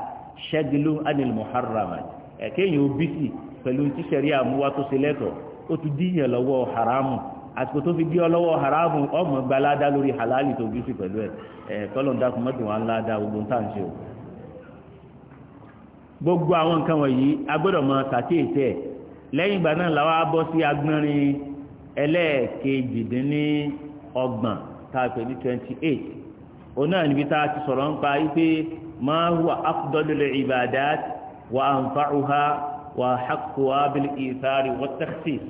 ṣẹ́gilú anil muharramat ẹ̀ kéèyàn ó bísì pẹ̀lú tíṣẹ̀rí àmúwá tó ṣe lẹ́tọ̀ọ́ ó ti díyàn lọ́wọ́ haramu àsìkò tó fi gbé ọ lọ́wọ́ haramu ọmọ gbalada lórí halali tó bísì pẹ̀lú ẹ̀ ẹ̀ tọ́lọ̀ ń dákun mọ́tò wọn ńlá dá gbogbo ń o gbogbo àwọn nǹkan wọ̀nyí a gbọ́dọ̀ mọ sàkíyèsí ẹ̀ lẹ́yìn ìgbà náà làwọn á bọ́ sí agbọ́nrin ẹlẹ́ẹ̀kejìdínní ọgbọ̀n tá a pè ní twenty eight òun náà níbi tá a ti sọ̀rọ̀ nípa wípé máa huwa afdalul ibadat wa anfa'uha wa haqquha bil ithari wa takhsis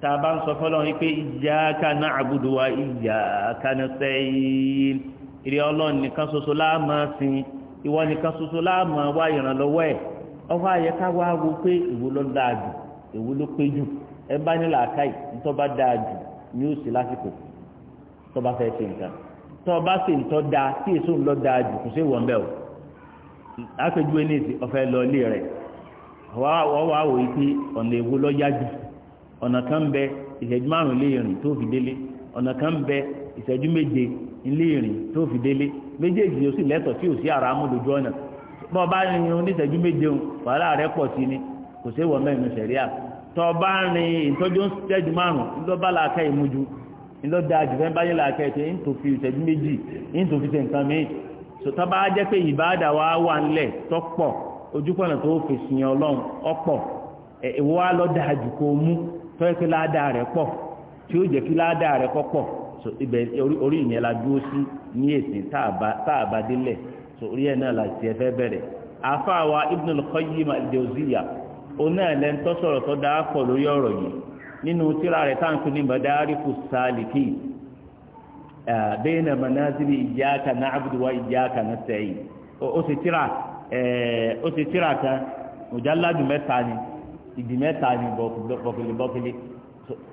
tá a bá ń sọ fọlọ́ wípé iyyaka na'budu wa iyyaka nasta'in ìrẹ́ ọlọ́run nìkan ṣoṣo la ìwọ nìkan ṣoṣo láàmú wá ìrànlọ́wọ́ ẹ̀ ọwọ́ ayẹ ká wá wo pé èwo ló dáa jù èwo ló pé jù ẹ bá nílò àkáì ntọ́ bá dáa jù ní òsì lásìkò tọ́ bá fẹ́ ṣe nǹkan tọ́ bá ṣe ntọ́ dáa tí èso ńlọ dáa jù kò sí ìwọ̀n bẹ́ẹ̀ o àpèjúwe ní ìsìn ọ̀fẹ́ lọ ilé rẹ̀ wọ́n wá wò yí pé ọ̀nà èwo ló yá jù ọ̀nà kan bẹ ìṣẹ́jú márùn-ún lè rìn tó fi délé ọ̀nà kan bẹ ìṣẹ́jú méje ilé ìrìn tó fi délé méjèèjì yóò sì lẹ́tọ̀ tí ò sí ara amúdojú ọ̀nà bọ́ ọ bá rin oníṣẹ́jú méje o wàhálà rẹ pọ̀ sí ni kò sí ìwọ̀n mẹ́rin sẹ̀ríà tọ́ bá rin ìtọ́jú ìṣẹ́jú márùn ńlọ́ba làákà ìmújú ńlọ́dà jùlọ bá yẹ làákà ìṣe ń tó fi ìṣẹ́jú méjì ń tó fi ṣe nǹkan míì tọ́ bá jẹ́ pé ìbáàdà wa wà ńlẹ̀ tọ́ pọ̀ ojúkọ̀nà tó fèsì yẹn ọlọ́run ọ̀pọ̀ ìwọ́ á lọ́dà jù kó mú tọ́ so ibẹ̀ orí ìyẹn la dúró sí ní èsì táàbà délẹ̀ so orí ẹ̀ náà la tiẹ̀ fẹ́ bẹ̀rẹ̀ àfáàwa Ibn al-Qayyim al-Jawziyya oná ẹ̀lẹ́ ń tọ́sọ̀rọ̀ tó dáa pọ̀ lórí ọ̀rọ̀ yìí nínú tíra rẹ̀ táǹkì ní Madariku Saliki bayna manazili iyyaka na'budu wa iyyaka nasta'in ó sì tíra ó sì tíra kan mujalladu mẹ́ta ni ìdí mẹ́ta ni bọ̀kìlì bọ̀kìlì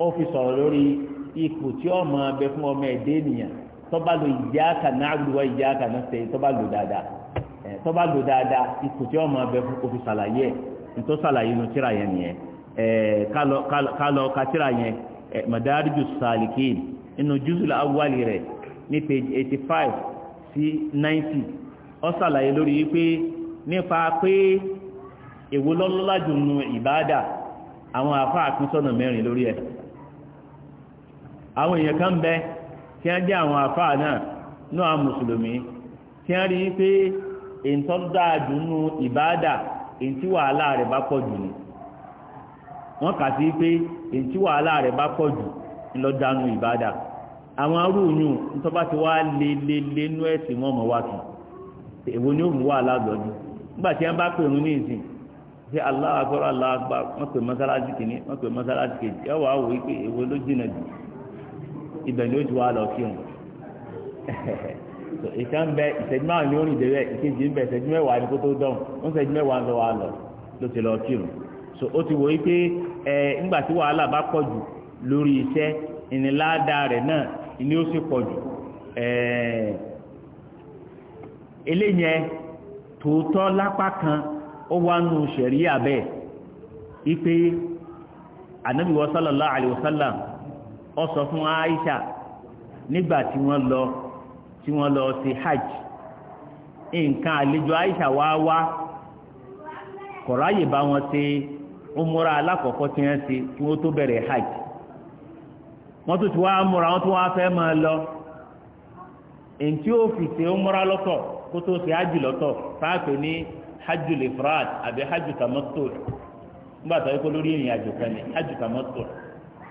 ó fi sọ̀rọ̀ lórí ipò tí ọmọ abẹ fún ọmọ ẹdẹ ènìyàn tọba lo ìjà kaná àgùdùwọ ìjà kaná sẹ́yìn tọba lo dáadáa ẹ tọba lo dáadáa ipò tí ọmọ abẹ fún òfin ṣàlàyé ẹ ntọ́ ṣàlàyé nu tíra yẹn nìyẹn ẹ kálọ kálọ ka tíra yẹn ẹ Madariju Salikin inú juzul awwali rẹ ní page eighty five sí ninety ó ṣàlàyé lórí yìí pé nípa pé èwo lọ́lọ́lá jù nu ìbáàdà àwọn àfa àkúnsọ́nà mẹ́rin lórí ẹ̀. àwọn èèyàn kan bẹ tí wọ́n jẹ́ àwọn àfáà náà náà mùsùlùmí tí a rí pé èntọ́ wàhálà rẹ̀ bá ni wọ́n kà sí pé wàhálà rẹ̀ bá pọ̀ jù àwọn ti wá lé lé lé nú ẹ̀sìn wọn mọ̀ èwo ni ó mú wàhálà nígbà tí wọ́n bá pè ní ìsìn ṣe Allahu Akbar wọ́n pè mọ́sálásí kìíní wọ́n pè ibẹ̀ ni lọ kí òun ìkan bẹ ìṣẹ́jú márùn ni ó rìn débẹ̀ ń bẹ ìṣẹ́jú mẹ́wàá ni kó tó ó ń ṣẹ́jú mẹ́wàá lọ lọ ló ti lọ kí so ó ti wò yí pé ẹ ńgbà tí wàhálà bá pọ̀ jù lórí iṣẹ́ ìníláàdá rẹ̀ náà ìní ó sì pọ̀ jù eléyẹn tòótọ́ lápá kan ó wá ipe anabi sallallahu alayhi wa sallam ọsọ sọ fún Aisha nígbà tí wọn lọ tí wọn lọ sí hajj nǹkan àlejò Aisha wá wá kọ̀ráyè bá wọn ṣe umura alákọ̀ọ́kọ́ tí wọ́n ṣe kí wọ́n tó bẹ̀rẹ̀ hajj wọ́n tún ti wá múra wọ́n tún wá fẹ́ máa lọ èyí tí ó fi ṣe umura lọ́tọ̀ kó tó ṣe hajj lọ́tọ̀ fáàpẹ́ ní hajj lifrat àbí hajj tamattu nígbà tó yẹ kó lórí ìrìn àjò kan ní hajj tamattu.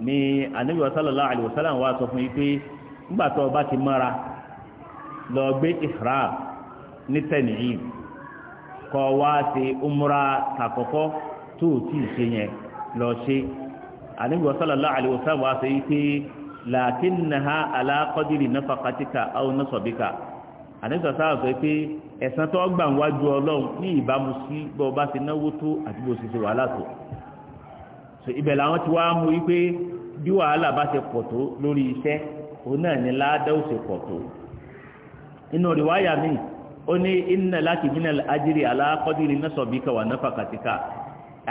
ni anabi sallallahu alaihi wasallam wa sọ fún yìí pé nígbà tó o bá ti mọ́ra lọ gbé ihram ní tẹ̀nìyìn kọ́ wá ṣe umra tàkọ́kọ́ tó o tí ì ṣe yẹn lọ ṣe anabi sallallahu alaihi wasallam wa sọ yìí pé làákínnaha ala qadri nafaqatika aw nasabika anabi sallallahu sọ pé ẹ̀san tó gbà ń wájú ọlọ́run ní ìbámu sí bó o ti náwó tó àti bó ṣe ṣe wàhálà tó so ibẹ̀ làwọn ti wá mú yí pé bí wàhálà bá ṣe pọ̀ tó lórí iṣẹ́ òun náà ní ládàá ó ṣe pọ̀ tó inú rìwáyà mi ó ní iná láti gbiná ajírí aláàkọ́dìrí náà sọ̀bí kẹwà náfà kàtíkà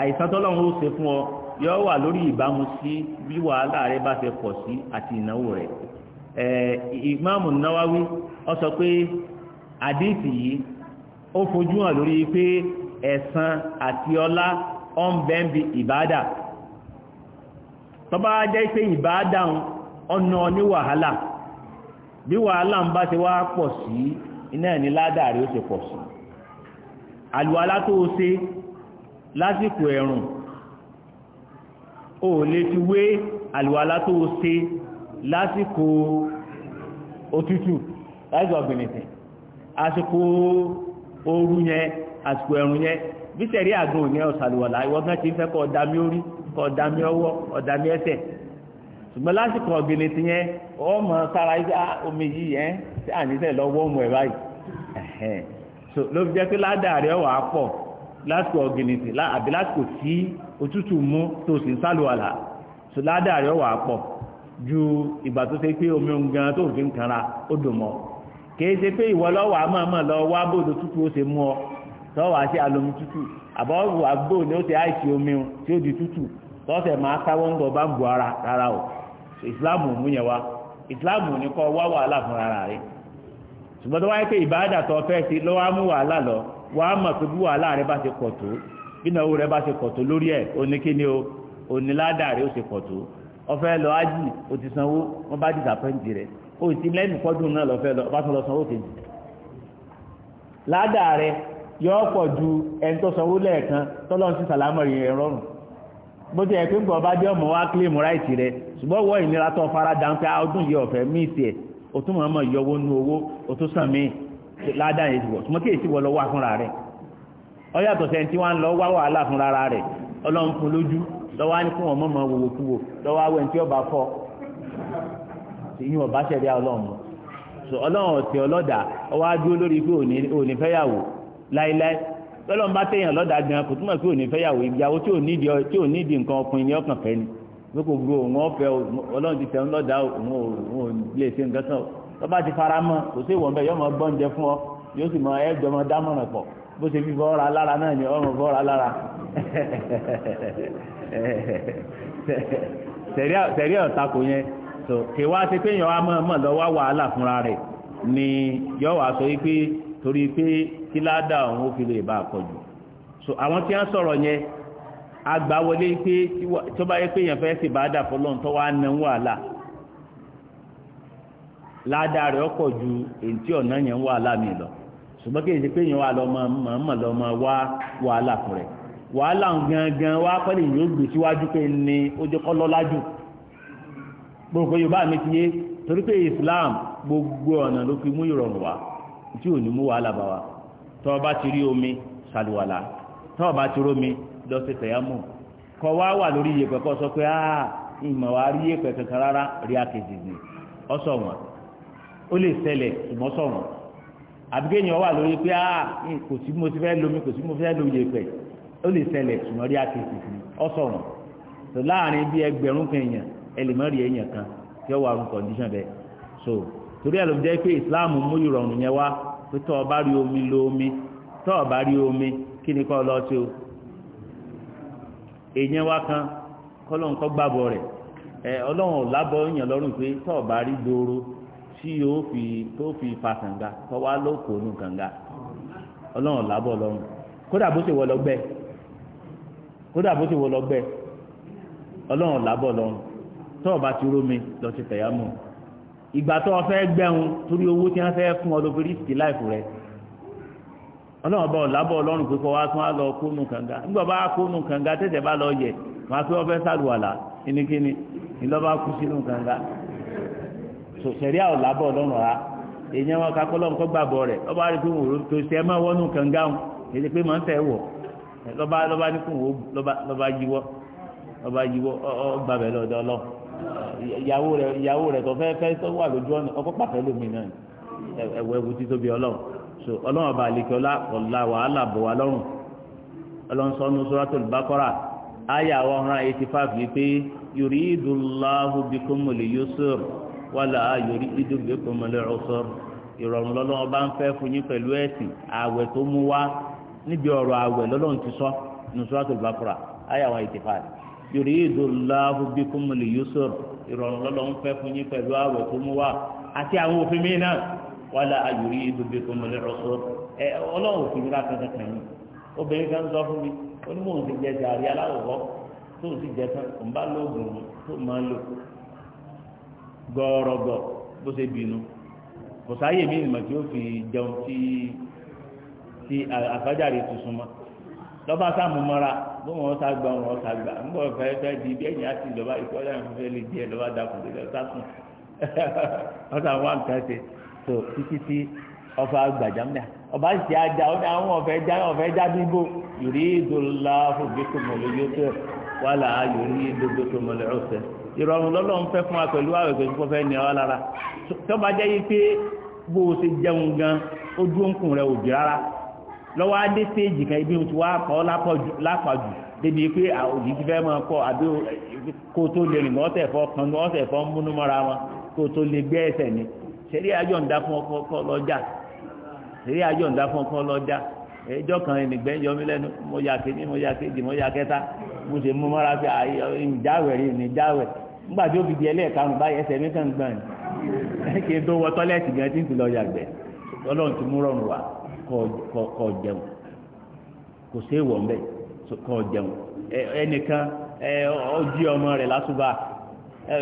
àìsàn tọ́lọ́run ó ṣe fún ọ yọ wà lórí ìbámu sí bí wàhálà rẹ bá ṣe pọ̀ sí àti ìnáwó rẹ ìmáàmù náwáwí ọ sọ pé àdéhìtì yìí ó fojú hàn lórí pé ẹ̀san àti ọlá ọ̀ ń bẹ́ẹ̀ bí ìbádà tó bá jẹ́ pé ìbádáhùn ọ̀nà ní wàhálà bí wàhálà ń bá ti wá pọ̀ sí iná ẹ̀ ní ládàrí ó ti pọ̀ sí àlùwàlá tó ṣe lásìkò ẹ̀rùn ó lè ti wé àlùwàlá tó ṣe lásìkò òtútù láìsọ ọ̀gbìnìsìn àsìkò ooru yẹn àsìkò ẹ̀rùn yẹn bí tẹ̀rí àgbọn òní ọ̀sàlùwàlá ìwọ́gán ti ń fẹ́ kọ́ dami orí kọ ọ̀dà mi ọwọ́ ọ̀dà mi ẹsẹ̀ ṣùgbọ́n lásìkò ọ̀gbìnrin ti yẹn ọmọ sára ah, omi yìí yẹn tí à ní sẹ́ lọ́wọ́ ọmọ So báyìí ló fi jẹ́ pé ládàárẹ̀ ọ̀wà á pọ̀ lásìkò ọ̀gbìnrin ti àbí lásìkò tí òtútù mú tó sì ń sálùwàlà so ládàárẹ̀ ọ̀wà á pọ̀ ju ìgbà tó ṣe pé omi ohun gan tó fi ń kanra ó dùn mọ́ kì í ṣe pé ìwọ lọ́wọ́ àmọ́ọ̀mọ́ lọ wá bòdò tútù ó ṣe mú ọ tọ́wọ́ àṣẹ àlòmí tútù àbọ̀wọ̀ àgbò ni ó ṣe àìsí omi ohun tí ó di tútù tọ́sẹ̀ máa káwọ́ ń gbọ́ bá ń bu ara rárá o ìsìláàmù mú yẹn wá ìsìláàmù ní kọ́ wá wàhálà fún ara rẹ̀ ṣùgbọ́n tó wáyé pé ìbáàdà tó fẹ́ sí ló wá mú wàhálà lọ wàá mọ̀ pé bí wàhálà rẹ bá ṣe pọ̀ tó bí ìnáwó rẹ bá ṣe pọ̀ tó lórí ẹ̀ oníkíni o oníládà rẹ ó ṣe pọ̀ tó ọfẹ́ lọ ájì o ti sanwó wọ́n bá dìsàpẹ́ǹtì rẹ̀ o ti lẹ́nu kọ́dún bó ti yẹ pé nǹkan ọba jẹ́ ọmọ wa kílèmù ráìtì rẹ ṣùgbọ́n wọ ìnira tó fara dán pé ah, ọdún yìí ọ̀fẹ́ míìsì yọwo o tún mọ̀ọ́mọ̀ yọwó nú owó o tún sàn mí ládàá ọ tí wọ́n ń lọ wá wàhálà fúnra rẹ̀ ọlọ́run lójú lọ́wọ́ á ní fún lọ́lọ́n bá tẹ̀yàn lọ́dà gan kò túmọ̀ pé ò ní fẹ́yàwó ìyàwó tí ò nídìí tí ò nídìí nǹkan ọkùnrin ní ọkàn fẹ́ ni pé kò gbó òun ọ̀fẹ́ ọlọ́run ti tẹ̀wọ́n lọ́dà òun ò lè ṣe nǹkan sàn tó bá ti fara mọ́ kò sí ìwọ̀n bẹ́ẹ̀ yóò mọ gbọ́njẹ fún ọ yóò sì mọ ẹ̀jọ̀ mọ dámọ̀ràn pọ̀ bó ṣe fi bọ́ra lára náà ni ọmọ bọ́ra lára tẹ̀rí ọ̀tá kò yẹn tó kéwàá ti pé yàn á mọ̀ lọ́wọ́ wàhálà fúnra rẹ̀ ni yọ̀ wá sọ wípé torí pé kí ládàá òun ó fi lè bá àpọ̀jù so àwọn tí wọ́n sọ̀rọ̀ yẹn agbáwọlé pé tó bá yẹ pé èèyàn fẹ́ sì bá dà fọlọ́n tó wá ná wàhálà ládàá rẹ̀ ọ̀pọ̀ ju èyí tí ọ̀nà yẹn wàhálà mi lọ ṣùgbọ́n kí èyí pé èèyàn wà lọ́mọ mọ̀ọ́mọ̀ lọ́mọ wá wàhálà fún rẹ̀ wàhálà gangan wá pẹ́lú yóò gbé síwájú pé ní ojú kọ́ lọ́lájú gbogbo yorùbá mi ti yé torí pé Islam gbogbo ọ̀nà ló fi mú ìrọ̀rùn wá tí ò ní mú wàhálà bá wa. tọ́ ọ ti rí omi ṣàlùwàlà tọ́ ti rómi lọ sí tẹ̀yámù kọ́ wá wà lórí sọ pé ìmọ̀ ah, wa rí iyẹ̀pẹ̀ kankan rárá rí akéjì ni ọ ó lè ṣẹlẹ̀ ṣùgbọ́n sọ wọn wà lórí pé ah, kò sí mo ti fẹ́ lomi kò sí mo fẹ́ lo ó lè rí tó láàrin bí ẹgbẹ̀rún pé tọ́ ọba rí omi lo omi tọ́ ọba rí omi kí ni kọ́ lọ o èèyàn wá kan kọ́lọ́n kọ́ gbàbọ̀ rẹ̀ ẹ ọlọ́run lábọ̀ lọ́rùn pé tọ́ ọba rí dòrò tí yóò fi tó fi fa kànga tọ́ wá lóko nù kànga ọlọ́run lábọ̀ lọ́rùn kódà bó wọ lọ gbẹ kódà bó wọ lọ gbẹ ọlọ́run lábọ̀ ìgbà tó wọn fẹ́ gbẹ̀hún torí owó tí wọ́n fẹ́ fún ọ ló fi rísìkì láìpù rẹ̀ ọlọ́run bá ọlọ́run pé wá tún á lọ kónú kànga nígbà kónú kànga bá lọ yẹ wọn sàlùwàlà ìlọ́ba kú sínú kànga ọlọ́run èèyàn wọn kakọ́ lọ́run kọ́ gbàgbọ́ rẹ̀ ọba rí tó ìyàwó rẹ̀ ìyàwó rẹ̀ tó fẹ́ fẹ́ tó wà lójú ọ̀nà ọkọ̀ pàfẹ́ lómi náà ẹ̀wọ̀ ẹ̀wù tí tóbi ọlọ́run so ọlọ́run ọba àlekè ọlá ọ̀la wàhálà bọ̀ wá lọ́rùn ọlọ́run sọ́nu suratul baqara àyà one hundred eighty five yìí pé yuridullahu bikumul yusr wala yuridu bikumul usr ìrọ̀rùn lọ́lọ́run ọba ń fẹ́ fún yín pẹ̀lú ẹ̀sìn ààwẹ̀ tó mú wá níbi ọ̀rọ̀ ààwẹ̀ lọ́lọ́run ti sọ ní suratul baqara àyà one eighty five yuridu Allahu bikumul yusr ìrọ̀rùn lọ́lọ́ ń fẹ́ fún yín pẹ̀lú àwẹ̀ tó mú wá àti àwọn òfin mi náà wala yuridu bikumul usr ẹ ọlọ́run òfin mi láti ẹ̀ka kàn yín obìnrin kan sọ fún mi ó ní mò ń ti jẹ gàrí aláwọ̀ tó ń ti jẹ tán kò ń bá lóògùn tó máa lò gọ́ọ̀rọ̀gọ̀ bó ṣe bínú kò sáyè mí ìmọ̀ tí ó fi jẹun tí àfájáre tuntun mọ́ lọ́ba sáàmù mọ́ra bó wọn sá gba wọn sá gba ń bọ̀ fẹ́ fẹ́ di bí ẹ̀yìn àti lọ́ba ikọ́ lẹ́yìn fún fẹ́ lè di ẹ̀ lọ́ba dàkùn lè lọ́ta sùn ọ̀sà wà ń kà ṣe tó títí tí ọba gbàjà mẹ́à ọba sì ajá ọ̀dà àwọn ọ̀fẹ́ já ọ̀fẹ́ já bíbó yòrí ìdòlá fòbíkò mọ̀lẹ́ yóò tẹ̀ wàhálà yòrí ìdòdòkò mọ̀lẹ́ ọ̀sẹ̀ ìrọ̀rùn lọ́lọ́run fẹ́ fún lọ́wọ́ adé stéèjì kan ibi tí wàá kọ́ lápàjù débi pé òjì ti fẹ́ máa kọ́ àbí kó tó lè rìn ọ̀sẹ̀ fọ́ kan ọ̀sẹ̀ fọ́ ń múnú mọ́ra wọn kó tó lè gbé ẹsẹ̀ ni ṣeré ajọ́ ń dá fún ọkọ̀ ọkọ̀ lọ́jà ṣeré ajọ́ ń dá fún ọkọ̀ lọ́jà ẹjọ́ kan ẹnìgbẹ́ yọmí lẹ́nu mo yà kéjì mo yà kéjì mo yà kẹta mo sì mú mọ́ra fi ìjáwẹ̀ rí ìjáwẹ̀ nígbà tí ó kọ jẹun kò sí èèwọ̀ mbẹ kọ jẹun ẹnìkan ọjí ọmọ rẹ̀ lásùbà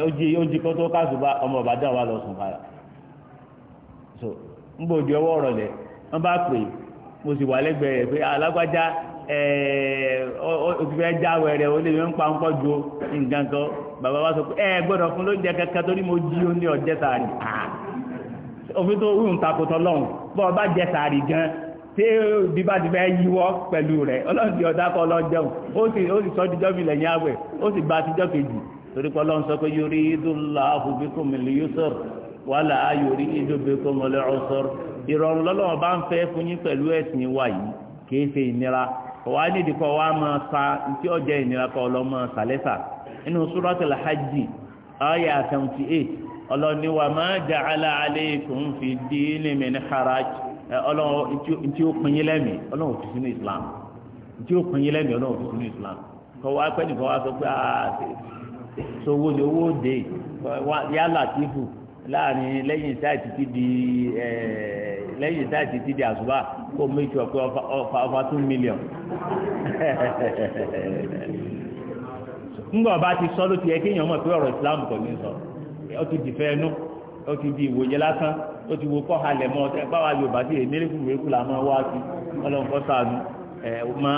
ọjí ọjí kọ́tọ́ kásùbà ọmọ ọ̀bàdàn wà lọ sùn padà so ń bòjú ọwọ́ ọ̀rọ̀ lẹ̀ wọ́n bá pè mo sì wà lẹ́gbẹ̀ẹ́ rẹ̀ pé alágbájá lè ń pa ń nǹkan kan bàbá wa sọ pé ẹ gbọ́dọ̀ fún lóúnjẹ kankan torí mo jí ó ní bọ́ ọba jẹ sàárì gan tí dìbàdìbẹ́ yíwọ́ pẹ̀lú rẹ̀ ọlọ́run ti ọ̀dá kọ́ lọ jẹun ó sì sọ jíjọ́ mi lẹ́yìn àwẹ̀ ó sì gba àtijọ́ kejì torí pé ọlọ́run sọ pé yuridullahu bikumul yusr wala yuridu bikumul usr ìrọ̀rùn lọ́lọ́run bá ń fẹ́ fún yín pẹ̀lú ẹ̀sìn ọlọ́ni wa ma ja'ala alaykum fi dini min haraj ọlọ́run ntí ó pin yín lẹ́mìí ọlọ́run òfin sínú islam ntí ó pin yín lẹ́mìí ọlọ́run òfin sínú islam kọ́ wa pẹ́ nìkan wa sọ pé sowó ah, ni owó dé yálà tìfù láàrin lẹ́yìn sáìtì ti di lẹ́yìn sáìtì ti di àṣùbà kó méjì ọ̀pẹ ọ̀fà ọ̀fà two million ńgbọ̀n bá ti sọ ló ti yẹ kéèyàn mọ̀ pé ọ̀rọ̀ islam kò ní sọ ó ti dìfẹ́ ẹnu ó ti di ìwòye lásán ó ti wo kọ́ halẹ̀ mọ́ ọtẹ báwa yorùbá sí èyí mẹ́lẹ́kù mẹ́lẹ́kù là máa wá sí ọlọ́run kọ́ sànù ẹ̀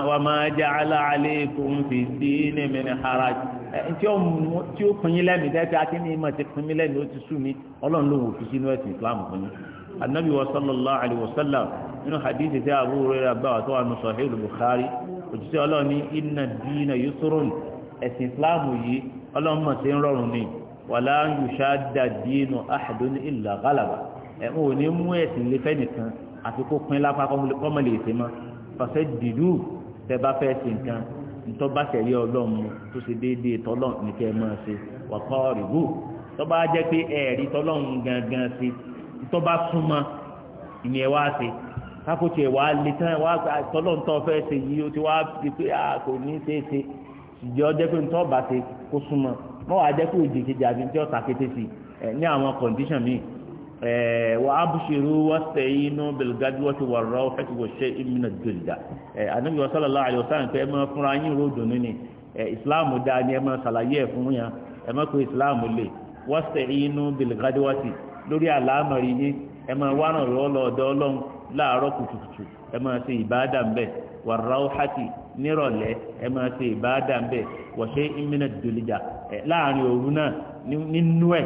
wà máa jẹ́ aláàlẹ́ kòun fi dé ní mẹ́rin hara tí ó tí ó pinyin lẹ́nu tẹ́tẹ́ àti ní ìmọ̀ ti pinyin lẹ́nu ó ti sú mi ọlọ́run ló wò fi sínú ẹ̀sìn Islam fún mi anabi wa sallallahu alayhi wa sallam nínú hadithi tí Abu Hurairah bá wà tó wà nù Bukhari òjijì ọlọ́run ní inna dina yusrun ẹ̀sìn Islam yìí ọlọ́run mọ̀ sí ń rọrùn ni wàlá yuṣáda dínú ahadun illa galaba ẹ̀ ń òní mú ẹ̀sìn lé fẹ́nìkan àti kó pín lápá kọ́mọ lè ṣe mọ́ fàṣẹ dìdú tẹ bá fẹ́ ṣe nǹkan ntọ́ bá ṣẹ̀rí ọlọ́run tó ṣe déédéé tọ́lọ́ nìkẹ́ máa ṣe wàkọ́ rìbù tọ́ba jẹ́ pé ẹ̀ẹ̀rí tọ́lọ́run gangan ṣe tọ́ba súnmọ́ ìní ẹ̀ wá ṣe kákó tiẹ̀ wá lè tán ẹ̀ wá tọ́lọ́run tó fẹ́ ṣe yìí ó ti wá di pé ah, kò ní ṣe é ṣe ìjọ jẹ́ pé ntọ́ bá ṣe kó súnmọ́ mọ́ wàá jẹ́ kó òjì kejì àbí tí ọ̀sà kété sí ẹ̀ ní àwọn condition mi ẹ̀ wà á bú ṣerú wọ́n tẹ̀ inú belgadi wọ́n ti wà rọ́ fẹ́ẹ́ ti wọ́n ṣe ìmìnà dòlìdà ẹ̀ ànábi wọ́n sọ̀rọ̀ láàyè ọ̀sán nǹkan ẹ̀ máa fúnra yín ròdò nínú ẹ̀ islam dáa ni ẹ̀ máa ṣàlàyé ẹ̀ fún yàn ẹ̀ máa kó islam lè wọ́n tẹ̀ inú belgadi wọ́n ti lórí àlámọ̀rí yín ẹ̀ máa wá ràn lọ́ọ́ lọ́ọ́dọ́ ọlọ́run láàárọ̀ kùtùkùtù ẹ máa ṣe ìbáàdà ń bẹ wàrà ṣe ìbáàdà dòlìjà láàrin òru náà nínú ẹ̀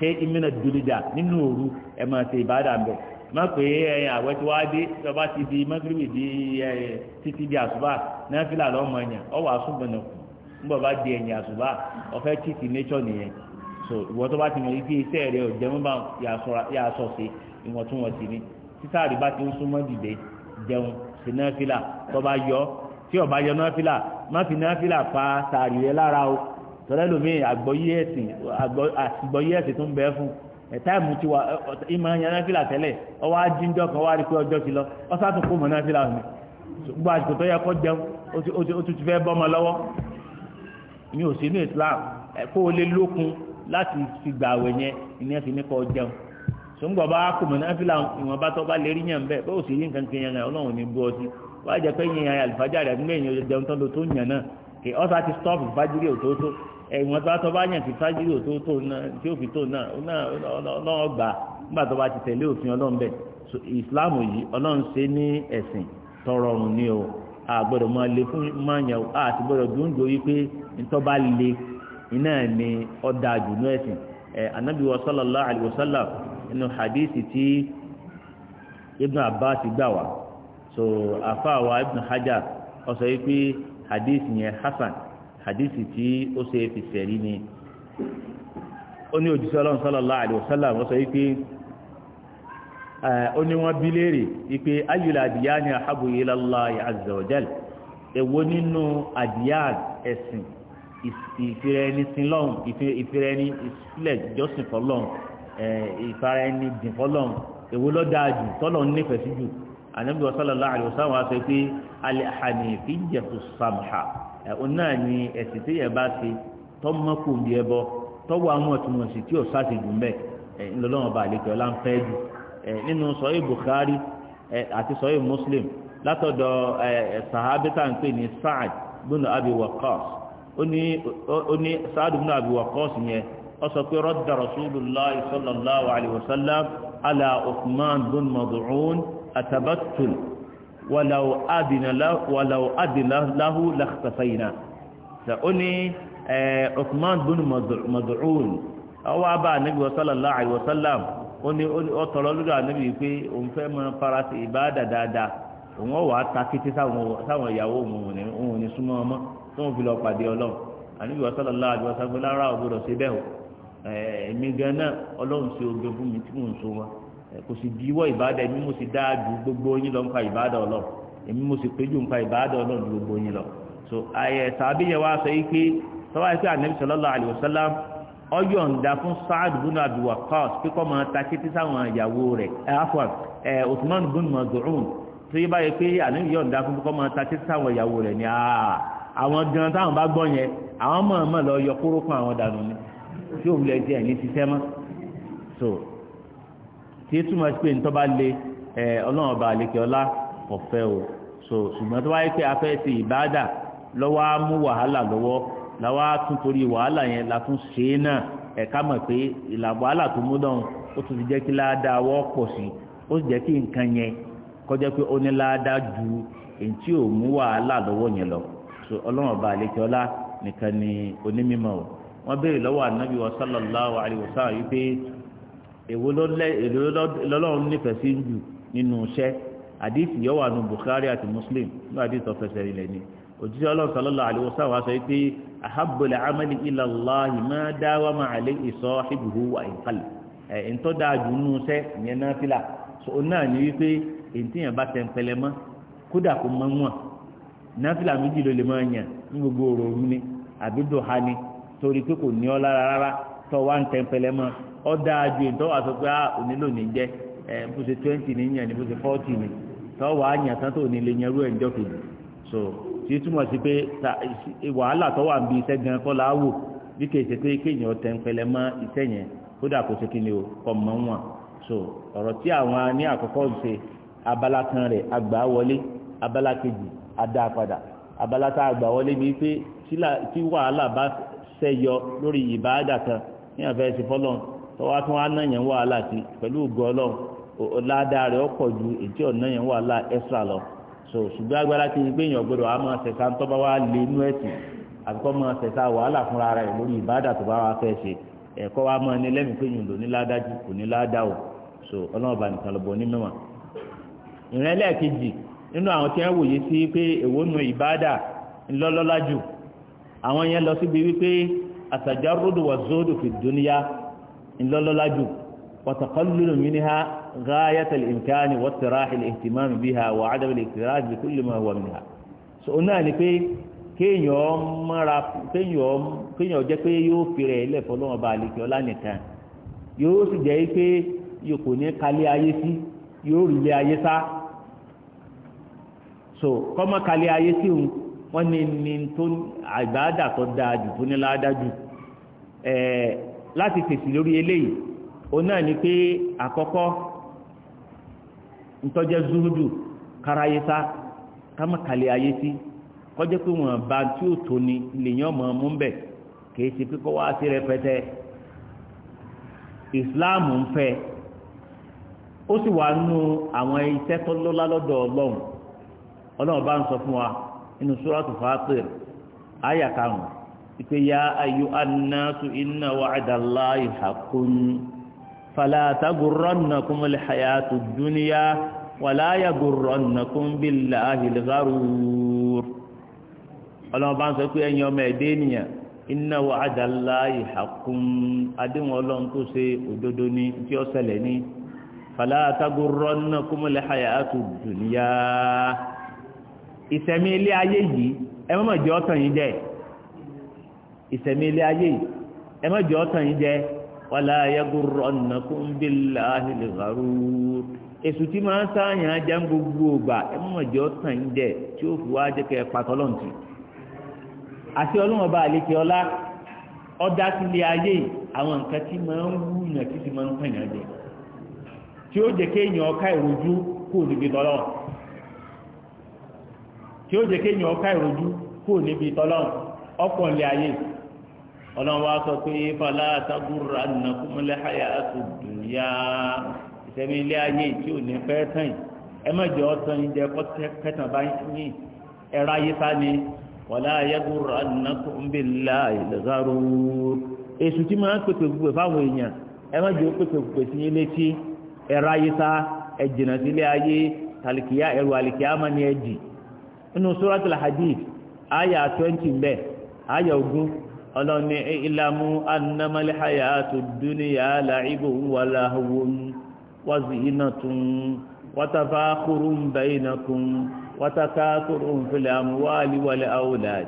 ṣe ìmìnà dùlìjà nínú òru ẹ̀ máa ṣe ìbádà ń bẹ̀ má pé ẹ̀yìn àwẹ̀ tí wàá dé tí ọba ti di mọ́gírìbì di ẹ̀ títí di àṣùbà náà fìlà lọ́mọ ẹ̀yàn ọ wàá sùn gbọ̀nà kù nígbà bá di ẹ̀yìn àṣùbà ọ̀fẹ́ títí nature nìyẹn so ìwọ tó bá ti mọ ibi iṣẹ́ rẹ ọ̀jẹ̀ mú bá yà sọ sí ìwọ̀ntúnwọ̀nsì ni títàrí bá ti ń súnmọ́ dìde jẹun sí náà fìlà tó bá yọ tí ọba yọ náà fìlà má fi náà fìlà pa tààrí rẹ lára o tọ́lá lómi àgbọ̀yé ẹ̀sìn àgbọ̀yé ẹ̀sìn tó ń bẹ fún táìmù ti wà ìmọ̀ ẹ̀yàn tẹ́lẹ̀ ọwọ́ ajíńjọ́ kan wá rí pé ọjọ́ ti lọ ọ́sàtún kó mọ̀ náfìlà mi gbogbo àsìkò tó yẹ kó jẹun ó ti fẹ́ bọ́mọ lọ́wọ́ ní Islam kó o lè lókun láti fi gbà àwẹ̀ yẹn ìní ẹ̀fìn ní jẹun bá ìwọ̀nba tó bá ọ sí ti stop ẹ̀wọ̀n tó bá yàn kí fájírò oto náà tí ó fi tó náà ọlọ́run gbà nígbà tó bá ti tẹ̀lé òfin ọlọ́run bẹ̀ islam yìí ọlọ́run ṣe ní ẹ̀sìn tọrọrùn ni o àgbọ̀dọ̀ máa le fún mọ́nyà àti gbọ́dọ̀ dúndò yìí pé bá le iná ni ọ̀dà jùlọ ẹ̀sìn ẹ̀ anábì wa sallallahu alayhi inú hadithi tí ibn abbas gbà wá so wa ibn hajj yìí hadithi yẹn hasan hadisi tí ó ṣe fi sẹ̀rí ni ó ní òjíṣẹ́ ọlọ́run sallallahu alaihi wasallam wọ́n sọ wípé eh, ó ní wọ́n bí léèrè wípé ayyul adiyani ahabu ila Allahi azza wa jal èwo nínú adiyan ẹ̀sìn ìfìrẹ́ni sinlọ́hún ìfìrẹ́ni ìsílẹ̀ jọ́sìn fọlọ́hún eh, ìfaraẹni dìn fọlọ́hún èwo ló dáa jù tọ́lọ́hún nífẹ̀ẹ́ sí jù ànábì sallallahu alaihi wasallam wọ́n sọ pé al-hanifiyyatu samha òun náà ni ẹ̀sìn tí yẹn bá ṣe tọ́mọ́kù ń bí ẹbọ tọ́wọ́ àwọn ọ̀túnmọ̀sí tí ò sáàsì dùn bẹ́ẹ̀ ẹ̀ ńlọ́lọ́wọ́n bá àlejò ọlá ń fẹ́ jù ẹ̀ nínú sọ́yìn Bukhari ẹ̀ àti sọ́yìn Muslim látọ̀dọ̀ ẹ̀ sàhábítà ń pè ní Sa'ad bùnú Abi Waqqas ó ní Sa'ad bùnú Abi Waqqas yẹn ó sọ pé radda Rasulullah sallallahu alayhi wa sallam walau adina lahu walau adina lahu lakhtafaina sa oni eh Uthman bin Maz'un awa aba nabi sallallahu alaihi wasallam oni ó tọrọ lura nabi pé ó ń fẹ́ mọ farasi ibada dáadáa wọ́n wá takiti sáwọn sáwọn yàwó wọn ni wọn ni súnmọ́ ọmọ tó fi lọ pàdé Ọlọ́hun anabi kò sì diwọ́ ìbádà èmi mo sì dáa ju gbogbo yín lọ nípa ìbádà ọlọ́run èmi mo sì péjú nípa ìbádà ọlọ́run ju gbogbo yín lọ so ayẹ tàbí yẹn wá sọ yìí pé tọ́wọ́ àti ànábì sallallahu alaihi wasallam ọyọ̀ ń da fún Sa'ad bin Abi Waqqas pé kó máa ta kété sáwọn ìyàwó rẹ̀ afwan Uthman bin Maz'un tó yẹ báyìí pé ànábì yọ̀ ń da fún kó máa ta kété sáwọn ìyàwó rẹ̀ ni àwọn gan táwọn bá gbọ́ yẹn àwọn mọ̀ọ́mọ̀ lọ yọ kórókùn àwọn dànù ni tí òun lè jẹ́ ẹ̀ ní ti sẹ́mọ́ so kí é túmọ̀ sí pé nítorí bá lé ẹ ọlọ́run ọba àlekè ọlá ọ̀fẹ́ o so ṣùgbọ́n tó wáyé pé a fẹ́ ti ìbáàdà lọ́wọ́ á mú wàhálà lọ́wọ́ làwọn á tún torí wàhálà yẹn la tún ṣe é náà ẹ̀ka mọ̀ pé ìlà wàhálà tó mú dán ó tún ti jẹ́ kí láàdá wọ́ pọ̀ sí ó sì jẹ́ kí nǹkan yẹn kọjá pé ó ní láàdá ju èyí tí ò mú wàhálà lọ́wọ́ yẹn lọ so ọlọ́run ọba àlekè ọlá nìkan ni onímọ̀ o wọ́n béèrè lọ́wọ́ ànábì wa sallallahu alayhi wa sallam yìí pé èwo lọ́lọ́run nífẹ̀ẹ́ sí jù nínú iṣẹ́ àdìsí yóò wà nù Bukhari àti Muslim ní àdìsí ọ̀fẹsẹ̀ ilẹ̀ ni òjijì ọlọ́run sallallahu alaihi wasallam sọ pé ahabbul amali ila Allahi ma dawama alayhi sahibuhu wa in qalla ẹ̀ ntọ́ dáa jù nínú iṣẹ́ ìyẹn náà fìlà so náà ní wípé èntìyàn bá tẹ̀ ń pẹlẹ mọ́ kódà kó mọ́ wọn náfìlà méjì ló lè máa yàn ń ọ̀dà àjò ìtọ́wà sọ pé onílò ah, ní jẹ́ ẹ̀ bó ṣe twenty ní yàn ní bó ṣe forty ní tọ́wọ́ àyàn tán tó nílé yẹn rú ẹ̀ ń jọ kejì so tí túmọ̀ sí pé wàhálà tọ́wà ń bi iṣẹ́ gan kọ́ la bí kì pé kéèyàn tẹ̀ ń pẹlẹ mọ́ iṣẹ́ yẹn kódà kò ṣe kí ni o kọ́ mọ́ wọn so ọ̀rọ̀ tí àwọn ní àkọ́kọ́ ń ṣe abala kan rẹ̀ àgbà wọlé abala kejì adá padà abala tá àgbà wọlé bíi pé tí wàhálà bá ṣẹ́yọ lórí ìbáàdà kan ní àfẹ́ ṣe fọ́lọ́n tọ́wọ́ tí wọ́n á náà yẹn wàhálà sí pẹ̀lú ògùn ọlọ́run ládàá rẹ̀ ọ̀pọ̀ ju ètí ọ̀nà yẹn wàhálà extra lọ so ṣùgbọ́n agbára ti ní pé èèyàn gbọdọ̀ á máa ṣẹ̀ṣà ń tọ́ba wá lé inú ẹ̀sìn àbíkọ́ máa ṣẹ̀ṣà wàhálà fúnra rẹ̀ lórí ìbádà tó bá wá fẹ́ ṣe ẹ̀kọ́ wa máa ní lẹ́mìí pé yìnyín lò ní ládájú kò ní ládàá o so ọlọ́run bá nìkan lọ́bọ̀ ní mẹ́wàá. ìrìn ẹlẹ́ẹ̀kejì nínú àwọn tí wọ́n wòye sí pé èwo nu ìbádà ńlọ́lọ́lá jù àwọn ńlọ́lọ́lájú وتقلل منها غاية الإمكان والصراح الاهتمام بها وعدم الاكتراث بكل ما هو منها sọ̀nà ni pé kéèyàn mọ́ra kéèyàn kéèyàn jẹ́ pé yóò fèrè ilẹ̀ fọlọ́wọ́n bá àlekè ọlá nìkan yóò sì jẹ́ pé yóò kò ní kalẹ̀ ayé sí yóò rí ilé ayé sá so kọ́mọ kalẹ̀ ayé sí òun wọ́n ní ní tó àgbàdà tó dáa jù tó ní ládàá ẹ̀ẹ́ láti fèsì lórí eléyìí òun náà ni pé àkọ́kọ́ ntọ́jẹ́ zuhudu karayesa kámàkàlẹ̀ ayé sí kọ́jẹ́ pé wọ́n bá tí ó tó ni lèyìn ọmọ mú bẹ̀ kì ṣe pé wá sí rẹpẹtẹ ìsìláàmù ń fẹ́ ó sì wà nù àwọn iṣẹ́ tó lọ́lá lọ́dọ̀ ọlọ́run ọlọ́run bá ń sọ fún wa nínú sóràtù fàátìr àyà karùn-ún ìpè ya ayu annasu inna wa'dallahi haqqun fala taghurrannakum alhayatu dunya wala yaghurrannakum billahi algharur ọlọ́run bá ń sọ pé ẹ̀yin ọmọ ẹ̀dẹ́ ènìyàn inna wa'dallahi haqqun adéhùn ọlọ́run tó ṣe òdodo ní tí ó ṣẹlẹ̀ ní fala taghurrannakum alhayatu dunya ìsẹ̀mí ilé ayé yìí ẹ má mà jẹ́ ó ìsẹ̀mí ilé ayé yìí ẹ má jẹ́ ọ̀tàn yín jẹ wàlá yagurrannakum billahi al-gharur èsù tí máa ń sáàyàn ajá ń gbogbo ògbà ẹ má jẹ́ ọ̀tàn yín jẹ tí ó fi wá jẹ́ kẹ́ ẹ pàtó lọ́ǹtì àti ọlọ́run ọba àlekè ọlá ọdá ayé yìí àwọn nǹkan tí máa ń wú yàn tí ti máa ń pàyàn jẹ tí ó jẹ́ kéèyàn ọlọ́run wá sọ pé fàlà àtàgùrù ànàkùnmọ́lẹ́ àyà àtòdùnyà ìsẹ̀mí ilé ayé tí ò ní fẹ́ tán yìí ẹ má jẹ́ ọ̀tán yìí jẹ́ kẹtàn bá yín ẹ̀rọ ayé ta ni wàlá àyàgùrù ànàkùnmọ́lẹ́ àìlẹ́sàrò èsù tí máa ń pèpè gbogbo fáwọn èèyàn ẹ má jẹ́ sí ilé tí ẹ̀rọ ayé ta ẹ̀ jìnà sí ilé ayé talikiya ẹ̀rù má ni ẹ̀ ọlọ́ni ìlàmú annamal hayatud dunya la'ibun wa lahwun wa zinatun wa tafakhurun bainakum wa takathurun fil amwali wal awlad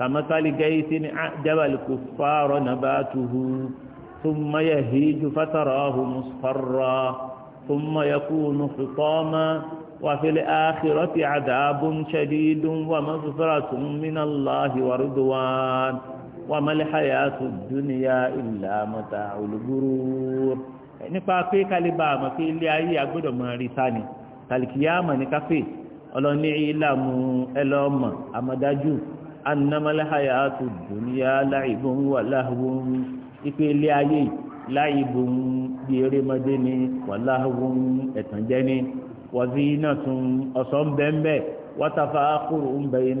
kamathali ghaythin a'jaba al-kuffara nabatuhu ثم يهيج فتراه مصفرا ثم يكون حطاما وفي الآخرة عذاب شديد ومغفرة من الله ورضوان wà mẹ́lẹ́háyà tó dúnìyà ìlà mọ́ta olùgbòrò nípa pé kálíbà àmọ́ pé ilé ayé agbọ́dọ̀ mọ́ rí sáni kàlìkìyàmọ̀ ní káfí ọlọ́ní ìlàmù ẹlọ́mọ̀ àmọ́dájú anamẹ́lẹ́háyà tó dúnìyà láìbùn wà láhùn ipe ilé ayé láìbùn bí erémọdé ni wà láhùn ẹ̀tànjẹ́ ni wà sí iná tún ọ̀sán bẹ́ẹ̀ wọ́n tafa kúrò ń bẹ̀yìn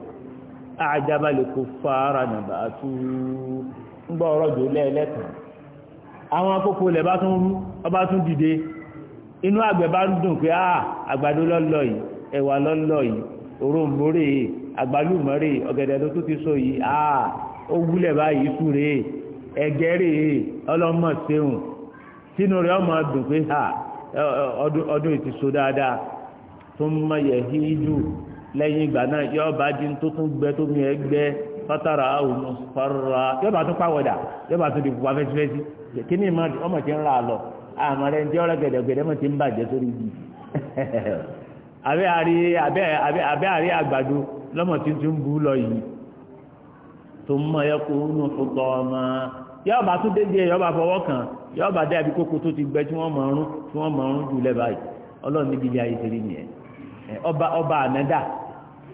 àjàbalẹ̀ kò fara nàbà tó ń gbọ́ ọ̀rọ̀ jò lẹ́ẹ̀lẹ́tàn àwọn akókò lẹ̀ bá tún rú ọba tún dìde inú àgbẹ̀ bá a ah, àgbàdo lọ́lọ́ yìí lọ́lọ́ yìí ọ̀gẹ̀dẹ̀ tún ti yìí a ah, ó wúlẹ̀ báyìí súre ọmọ dùn pé a ah, ọdún ìtìso dáadáa tó ń yẹ̀ lẹ́yìn ìgbà náà yóò bá di tó tún gbẹ tó mi ẹ gbẹ fátàrà òun fọ́rọ̀rọ̀ yóò bá tún pàwọ̀dà yóò bá tún di pupa fẹ́sífẹ́sí kí ni ìmọ̀ ọmọ ti ń ra lọ àmọ́ rẹ̀ ń jẹ́ ọ̀rẹ́ gẹ̀dẹ̀gẹ̀dẹ̀ mọ̀ ti ń bàjẹ́ sórí ibi abẹ́ àrí àgbàdo lọ́mọ tí tún bú lọ yìí tó ń mọ̀ ẹkọ òun fọ́tọ̀ ọmọ yóò bá tún dédé yóò bá fọwọ́ kàn yóò ọba ọba ànádà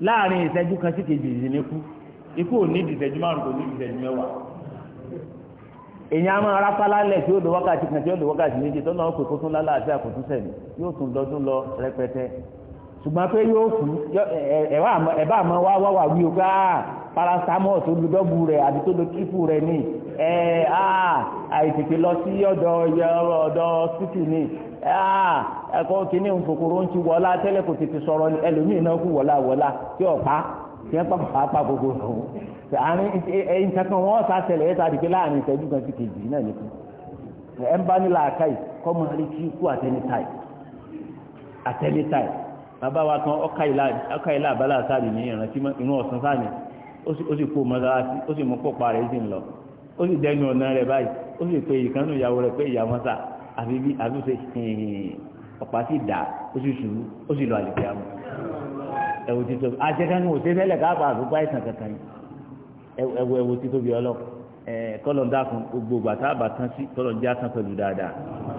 láàrin ìṣẹ́jú kan sí kejì ìdílé kú ikú ò ní ìdìṣẹ́jú márùn kò ní ìdìṣẹ́jú mẹ́wàá èyàn á máa rápálá tí ó wákàtí kan tí ó wákàtí méje tó náà pè àti yóò tún lọ rẹpẹtẹ ṣùgbọ́n pé yóò kú ẹ̀bá àmọ́ wá wá wà wí o gbá ah, parasitamọ́ọ̀ Ee, àìtètè lọ sí ọ̀dọ̀ ọ̀dọ̀ ni ẹ̀kọ́ kìíní nkòkòrò ń ti wọlá tẹ́lẹ̀ kò tètè sọ̀rọ̀ ẹlòmíì náà kú wọlá wọlá tí ọ̀pá tí wọ́n pàpà pa gbogbo ọ̀hún àárín ẹ̀yìn kankan wọ́n sá ẹ̀ta àdìgbé láàrin ìṣẹ́jú kan sí kejì náà ẹ̀ ń bá àkàì kọ́ kí kú wa kan sáà ó sì dẹnu ọ̀nà rẹ̀ báyìí ó sì pe ìkànnù ìyàwó rẹ̀ pé ìyàwó sà àfi bí àfi ṣe ọ̀pá sì dà ó sì sùn ó sì lọ àlùkò àmọ́ ẹ̀wù ti tóbi àṣekán ni òṣèré tẹ́lẹ̀ káàbà àdúgbò àìsàn kankan yìí ẹ̀wù ẹ̀wù ti tóbi ọlọ́ kọ́lọ̀ ń dákun gbogbo àtàbà tán sí kọ́lọ̀ ń já tán dáadáa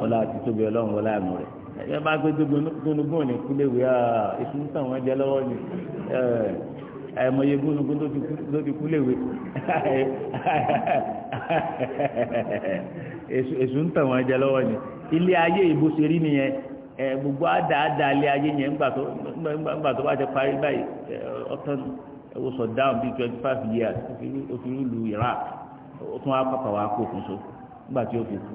ọlá ti tóbi ọlọ́run wọlé àmọ́ rẹ̀ ẹ bá gbé gbogbo gbogbo ní kúlẹ̀ wíwá ìsúnsàn wọn jẹ lọ́wọ́ ni àìmọye gúnugún tó ti kú léwe èṣù ń tàn wọn jẹ lọ́wọ́ ni ilé ayé ìbò ṣe rí nìyẹn gbogbo àdáadáa ilé ayé yẹn ńgbà tó bá ti parí báyìí ọ̀tán ẹ̀wọ̀ sọ dáhùn bíi twenty five years ó fi lù Iraq ó tún wá pàpà wá kó òkun so ńgbà tí ó fi kú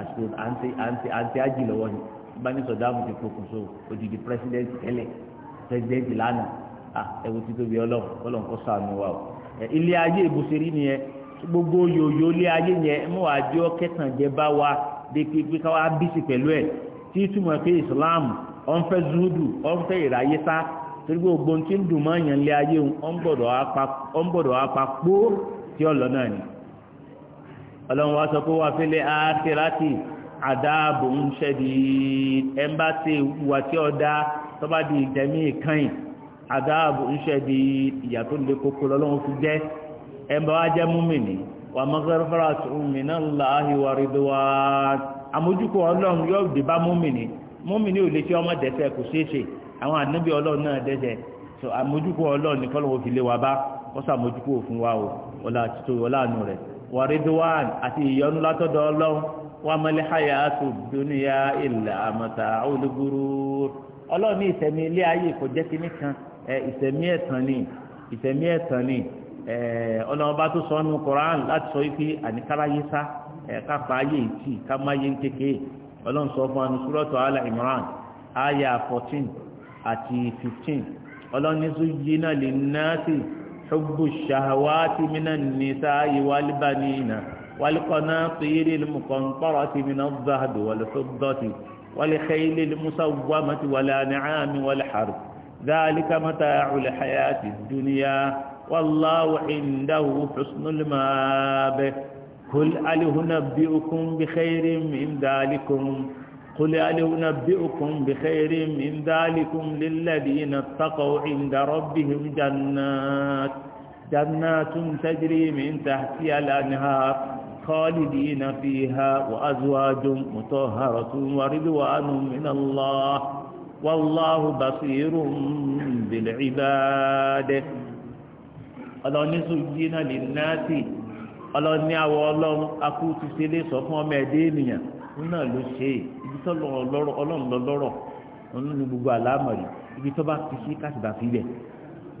àsìkò àǹtí àǹtí àǹtí ájì lọ́wọ́ ni bá ní sọ dáhùn ti kó òkun so òdìdí president tẹ́lẹ̀ president lánàá à ah, ẹwù ti tóbi ọlọ́run ọlọ́run kó sànù wa o ilé ayé ìbùsẹ̀rí nìyẹn gbogbo yòyò ilé ayé yẹn mọ́ àjọ kẹtànjẹ wa dé pé ká bísí pẹ̀lú ẹ̀ tí túmọ̀ pé Islam ọ̀n fẹ́ zuhudu ọ̀n fẹ́ ìráyé sá torí gbogbo tí ń dùn mọ́ yẹn ilé ayé ọ̀n gbọ́dọ̀ apá kpó tí ọ̀lọ́ náà ni ọlọ́run wá sọ pé wà fẹ́lẹ́ àkẹ́rátì àdáàbò ń ṣẹ́di ẹ̀ ń bá ṣe ìwà tí ọ̀dá tọ́ba di ìdẹ́mí ìkànnì adáàbò iṣẹ́ di ìyà tó lè kókó lọ́lọ́run fi jẹ́ ẹnbà wá jẹ́ múmìnì wà mọ́sáfárà tó mìíràn láàáhì wà rídọ́wà àmójúkò ọlọ́run yóò dé bá múmìnì múmìnì ò lè ṣe ọmọ dẹ́ṣẹ̀ kò ṣeé ṣe àwọn ànábì ọlọ́run náà dẹ́ṣẹ̀ so àmójúkò ọlọ́run nìkan lọ́wọ́ fi lé wa bá wọ́n sàmójúkò fún wa o ọlá àtútò ọlá àánú rẹ̀ wà rídọ́wà àti ìyọnu látọ̀dọ̀ ọlọ́run wà mọ́lẹ́ hayatu dúníyà ìlà àmọ́ta olúgbúrú ọlọ́run ní ìtẹ̀mí ilé ayé kò jẹ́ kíní kan ìsẹ̀mí ẹ̀tàn ni ìsẹ̀mí ẹ̀tàn ni ọlọ́ọ̀bá tó sọ nínú koran láti sọ wípé àníkáráyé sá ká pa ayé ìtì ká má yé kéke ọlọ́run sọ fún anusúrọ́tò ala imran aya fourteen àti fifteen ọlọ́run ní zuyyina linnasi hubbu shahawati minan nisa'i wal banina wal qanatiri al-muqantarati minaz zahabi wal fiddati wal khayli al-musawwamati wal an'ami wal harth. ذلك متاع الحياة الدنيا والله عنده حسن المآب قل أله نبئكم بخير من ذلكم قل أله نبئكم بخير من ذلكم للذين اتقوا عند ربهم جنات جنات تجري من تحتها الأنهار خالدين فيها وأزواج مطهرة ورضوان من الله wallahu basirun bil ibad ọlọ́ni zujjina linnasi ọlọ́ni awọ ọlọ́run akú ti ṣe lè sọ fún ọmọ ẹ̀dẹ́ ènìyàn náà ló ṣe é ibi tó lọ́rọ̀ ọlọ́run lọ lọ́rọ̀ ọ̀nà ní gbogbo àlámọ̀rí ibi tó bá fi sí kásìbà fi bẹ̀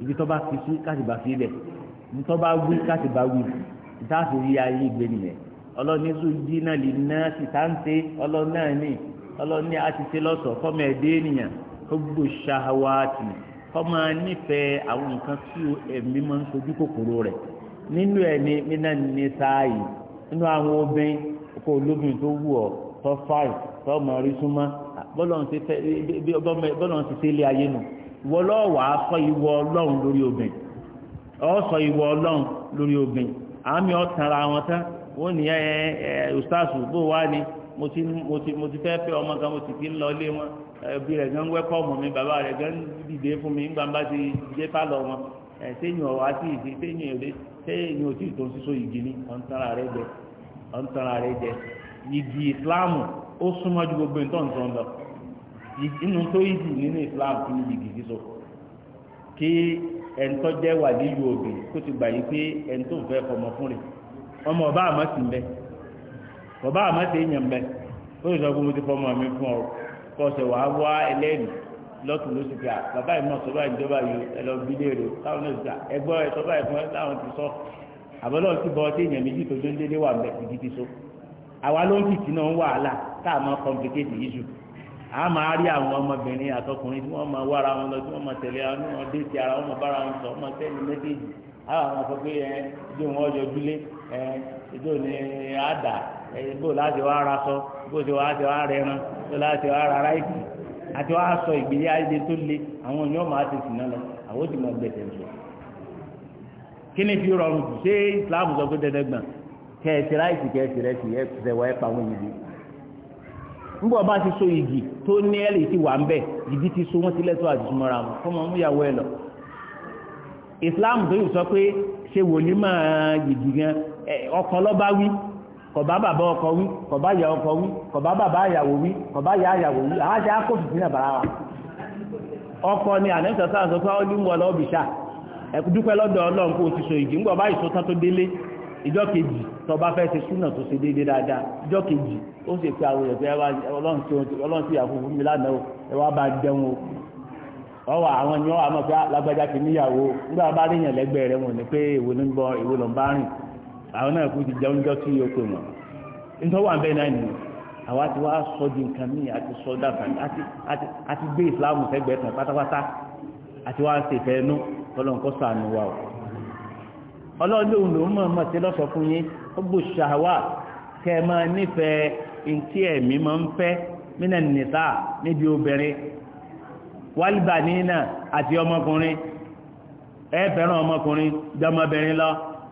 ibi tó bá fi sí kásìbà fi bẹ̀ ibi tó bá wí kásìbà wí ìtàkùn yíya yí gbé nìyẹn ọlọ́ni zujjina linnasi táǹtẹ́ ọlọ́ náà ní ọlọ́ni a ti ṣe lọ́sọ̀ọ́ kọ́mọ ẹ̀dẹ́ ènìyàn gbogbo ṣahawaati kọ́mọ nífẹ̀ẹ́ àwọn nǹkan tí ẹ̀mí máa ń sojú kòkòrò rẹ̀ nínú ẹ̀ ní nínà ní sáàyè nínú àwọn obìnrin kó olóbìnrin tó wù ọ́ tó fáì tó mọ̀ rí súnmọ́ bọ́lọ̀ ń ti ṣe ayé nù wọ́n á sọ ìwọ ọlọ́run lórí obìnrin ọ̀ sọ ìwọ ọlọ́run lórí obìnrin àmì ọ̀tàn ara wọn tán wọ́n ní ẹ̀ ẹ̀ ẹ̀ mo ti mo ti mo ti fẹ́ fẹ́ ọmọ kan mo sì ti ń lọ ilé wọn ẹbí rẹ̀ gan wẹ́kọ̀mù mi bàbá rẹ̀ gan dìde fún mi nígbà bá ti dé pálọ̀ wọn ẹ̀ sẹ́yìn ọ̀wá sí ìdí sẹ́yìn òde sẹ́yìn òtí tó ń sísọ ìgì ni ọ̀n tara rẹ̀ jẹ ọ̀n tara rẹ̀ jẹ ìgì ìsìláàmù ó súnmọ́ ju gbogbo nǹkan tó ń lọ inú tó ìgì nínú ìsìláàmù kí ni ìgì sísọ kí ẹ̀ńtọ́ jẹ́ wà nílùú òbí kó ti gbà yí pé ẹ̀ńtọ́ fẹ́ fọmọ fún rẹ̀ ọmọ ọba àmọ́ sì ń bẹ́ẹ̀ bàbá àmọ́tẹ́ èèyàn bẹ́ ó sì sọ pé mo ti fọmọ mi fún ọ kọ́ ọ̀sẹ̀ wàá wá ẹlẹ́rìí lọ́tún ló sì gbà bàbá ìmọ̀ sọ́bà ìjọba yìí ẹ lọ bí léèrè táwọn náà sì gbà ẹgbọ́ ẹ sọ́bà ìfún ẹ táwọn ti sọ àbọ̀lọ́ ti bọ́ ọtí èèyàn méjì tó jó ń dédé wà bẹ́ẹ̀ ìdí ti so àwa ló ń tìtì náà wàhálà tá a máa complicate issue a máa rí àwọn ọmọbìnrin àtọkùnrin tí wọ́n máa wára wọn lọ tí wọ́n máa tẹ̀lé àwọn wọn dé ti ara wọn máa bára wọn sọ wọn máa sẹ́ni méjèèjì àwọn àwọn afọ pé ẹ ẹjọ́ wọn yọjú lé ẹ ẹjọ́ ni àdá bó láti wá ara sọ bó ti wá ti wá ara ẹran bó láti wá ara ráìtì àti wá sọ ìgbélé ayé tó le àwọn èèyàn máa ti sìn náà lọ àwọn ti máa gbẹ̀tẹ̀ lọ. kí ni fi rọrùn jù ṣé Islam sọ pé dẹdẹ gbọ̀n kẹ̀sì ráìtì kẹ̀sì rẹ̀ sì ẹ̀sẹ̀ wọ ẹ̀pà wọn yìí. nígbà wọn bá ti so igi tó ní ẹ̀lì ti wà ń bẹ̀ ìdí ti so wọn ti lẹ́tọ́ àti súnmọ́ra wọn fún ọmọ múyàwó ẹ̀ lọ. Islam tó yìí sọ pé ṣe wòlímọ̀ yìí gan ọkàn lọ́ba wí kọ̀bá bàbá ọkọ wí kọ̀bá ìyá ọkọ wí kọ̀bá bàbá àyàwó wí kọ̀bá ìyá àyàwó wí àwọn aṣáá kò fìfì náà bàrà wa ọkọ ni ànẹ́sọ̀ sáà sọ pé ọdún wọlé ọbìṣà ẹ̀kúdúpẹ́ lọ́dọ̀ ọlọ́run kó o ti so ìdí ńgbọ̀ báyìí sọ́tán tó délé ìjọ kejì tó bá fẹ́ ṣe súnà tó ṣe déédéé dáadáa ìjọ kejì ó sì pé àwọn èèyàn ọlọ́run sí ìyàwó fún mi lánàá o ẹ wá bá jẹun o ọwọ́ àwọn ni wọ́n wà mọ̀ pé lágbájá ti níyàwó nígbà bá ríyàn lẹ́gbẹ̀ẹ́ rẹ̀ wọ̀n ni pé èwo ló ń bọ èwo ló àwọn náà kú ti jẹun jọ kí yóò pè wọn nítorí wà bẹ́ẹ̀ náà nìyẹn àwa ti wá sọ di nǹkan míì àti sọ dàgbàní àti gbé ìsìláàmù fẹ́gbẹ̀ẹ́ tán pátápátá àti wá ṣe ìfẹ́ inú ọlọ́run kọ́ sànù wa o ọlọ́run lòun lòun mọ̀ mọ̀ sí lọ́sọ̀ fún yín ó gbò ṣàwà kẹ́ ẹ máa nífẹ̀ẹ́ ntí ẹ̀mí máa ń fẹ́ mínà nìta níbi obìnrin wálìbà nínà àti ọmọkùnrin ẹ fẹ́ràn ọmọkùnrin jọmọbìnrin lọ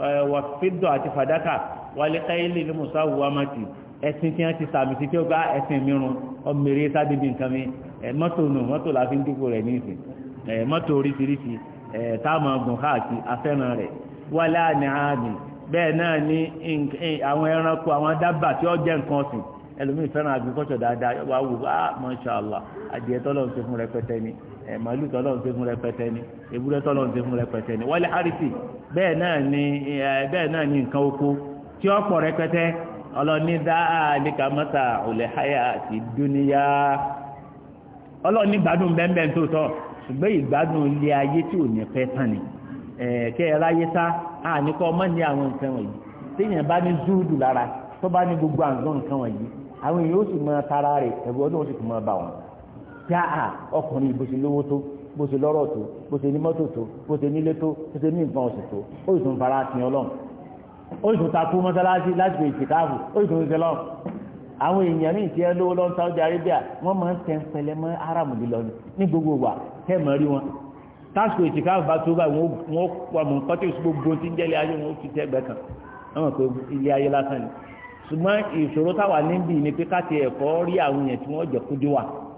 wà fídọ̀ àti fàdákà wálé káyílì ní mùsáwù wá máa ti ẹ̀sìn tí wọ́n ti sàmì sí tí ó bá ẹ̀sìn mìíràn ọmọ eré sábẹ́bí nǹkan mi mọ́tò nù mọ́tò la fi ń dúpọ̀ rẹ̀ níìsín mọ́tò oríṣiríṣi táwọn ọgbọ̀n káàkiri afẹ́ràn rẹ̀ wálé àmì àmì bẹ́ẹ̀ náà ní àwọn ẹranko àwọn dábà tí ó jẹ́ nǹkan ọ̀sìn ẹlòmíì fẹ́ràn agriculture dáadáa wà á ah, mọ́ṣáláà adìẹ tọ́lọ́ ń ṣe màálù tọ́lọ́run ṣe fún rẹpẹtẹ ni ewúrẹ́ tọ́lọ́run ṣe fún rẹpẹtẹ ni wálé hárìsì bẹ́ẹ̀ náà ni bẹ́ẹ̀ náà ni nǹkan oko tí ó pọ̀ rẹpẹtẹ ọlọ́ni dáa níka mọ́ta òlẹ̀ háyà àti dúníyà ọlọ́ni gbádùn bẹ́ẹ̀ tó tọ́ ṣùgbọ́n ìgbádùn ilé ayé tí ò ní pẹ́ tán ni kẹ́ ẹ ráyé sá àníkọ́ ọmọ ní àwọn nǹkan wọ̀nyí téèyàn bá ní zúùdù lára tó bá ní gbogbo àwọn nǹkan wọ̀nyí àwọn èèyàn ó sì máa tara rẹ̀ ẹ̀rù ọdún ó sì máa bà wọ́n jáà ọkùnrin bó ṣe lówó tó bó ṣe lọ́rọ̀ tó bó ṣe ní mọ́tò tó bó ṣe nílé tó bó ní nǹkan ọ̀sìn tó ó fara sin ọlọ́run ó sì takú mọ́sálásí láti lè ṣe káàbù ó sì tún àwọn èèyàn ní ìṣe lówó lọ́n Saudi Arabia wọ́n máa ń tẹ́ ń pẹlẹ́ mọ́ aráàmù lílọ ní gbogbo wa kẹ́ mọ́ rí wọn tásìkò ìṣìkáàbù bá tó bá wọn wà mọ́ kọ́tí gbogbo ni ṣùgbọ́n ìṣòro táwa níbí ni pé ká ti ẹ̀kọ́ rí àwọn èèyàn tí wọ́n jẹ́ kúdí wa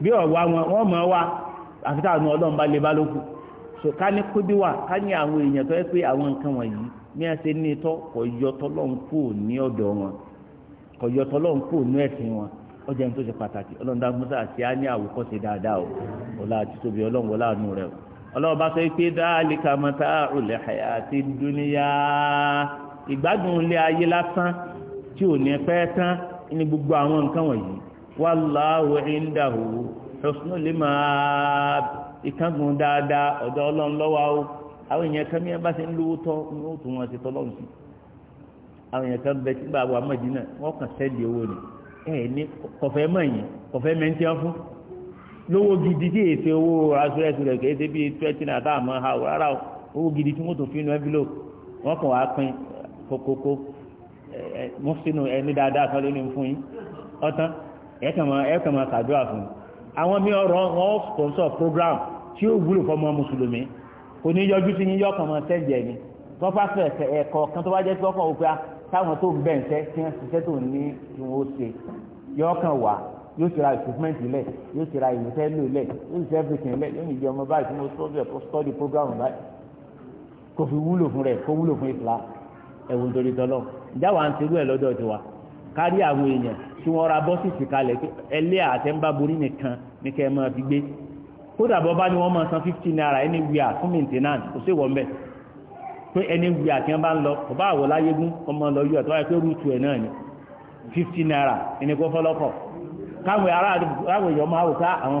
bí ọ̀wá wọn mọ̀ wá àfitá àwọn ọlọ́run bá lè bá lókù so ká ní kódí wà ká ní àwọn èèyàn tó yẹ pé àwọn nǹkan wọ̀nyí ní ẹsẹ̀ ní tọ́ kò kò ní ẹ̀sìn wọn ó jẹ́ nítorí pàtàkì ọlọ́run dá mọ́tà á ní àwòkọ́ṣe dáadáa o ọlọ́run tí ò ní pẹ́ tán ní gbogbo àwọn nǹkan wọ̀nyí wallahu indahu husnul maab ìkángun dáadáa ọ̀dọ̀ ọlọ́run lọ́wọ́ àwọn èèyàn kan mìíràn bá ti ní ó tún wọn ti sí àwọn èèyàn kan bẹ tí bá wà wọ́n kàn sẹ́ẹ̀dì owó ni ẹ̀ ní kọ̀fẹ́ kọ̀fẹ́ lówó gidi tí èsì owó asúrẹ́sì rẹ̀ ṣe bíi ha rárá owó gidi tí wọ́n fi wọ́n kàn wá kókókó sínú ẹni dáadáa kan lónìí fún yín ọ̀tán ẹ̀ẹ́kàn máa kàdúrà fún àwọn mí ọ̀rọ̀ wọn sponsor program tí ó wúlò fọmọ mùsùlùmí kò ní yọjú sí yíyọ kan máa tẹ́jẹ̀ ni tó bá fẹ́ ẹ̀kọ́ kan tó bá jẹ́ pé ọkàn òpin ah, táwọn tó ń bẹ̀ ń sẹ́ tí wọ́n ṣiṣẹ́ tó ní kí wọ́n ṣe yọ ọkàn wà yóò ṣe ra equipment lẹ̀ yóò ṣe ra ìmọ̀tẹ́ lò lẹ̀ yóò ṣe everything lẹ̀ yóò nìjẹ́ ọmọ báyìí tí mo sọ́ọ́ bẹ̀ study program báyìí kò fi wúlò fún rẹ̀ kó wúlò fún ìfla ẹ̀wọ̀n torí tọ́lọ́ ìjáwá ń ṣerú ẹ̀ lọ́dọ̀ tiwa kárí àwọn èèyàn tí wọ́n ra bọ́sìsì kalẹ̀ ẹlẹ́ àtẹ́mbá borí nìkan ní kẹ́ máa fi gbé bá ní san fifty naira ẹni wíà fún maintenance kò sí wọ́n bẹ́ẹ̀ pé ẹni wíà wọ́n bá ń lọ kò àwọ̀ láyé gún ọmọ lọ yóò tó wáyé pé ẹ̀ náà ni naira ẹni kó fọlọ́kọ̀ káwọn ará àwọn èèyàn máa wò ká àwọn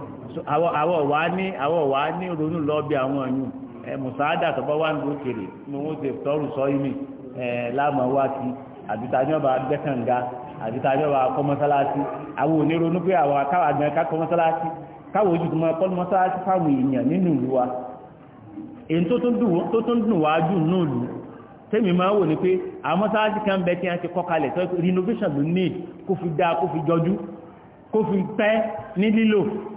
àwọ̀ wá ní àwọ̀ wá ní ronú lọ bí àwọn ẹ̀yìn ẹ̀ mùsáádà tó bá wà ní òkèrè ni wọ́n ti tọ́rù sọ ìmì ẹ̀ láàmú wá sí àbítájọ́ bá gbẹ́kànga àbítájọ́ bá kọ́ mọ́sálásí àwọn oníronú pé àwọn akáwà gan wa èyí tó tún dùn wá jù náà lù tẹ́mi máa wò ní pé àwọn mọ́sálásí kan bẹ tí wọ́n ti kọ́ kalẹ̀ tó renovation ló ní kó fi pẹ́ ní lílò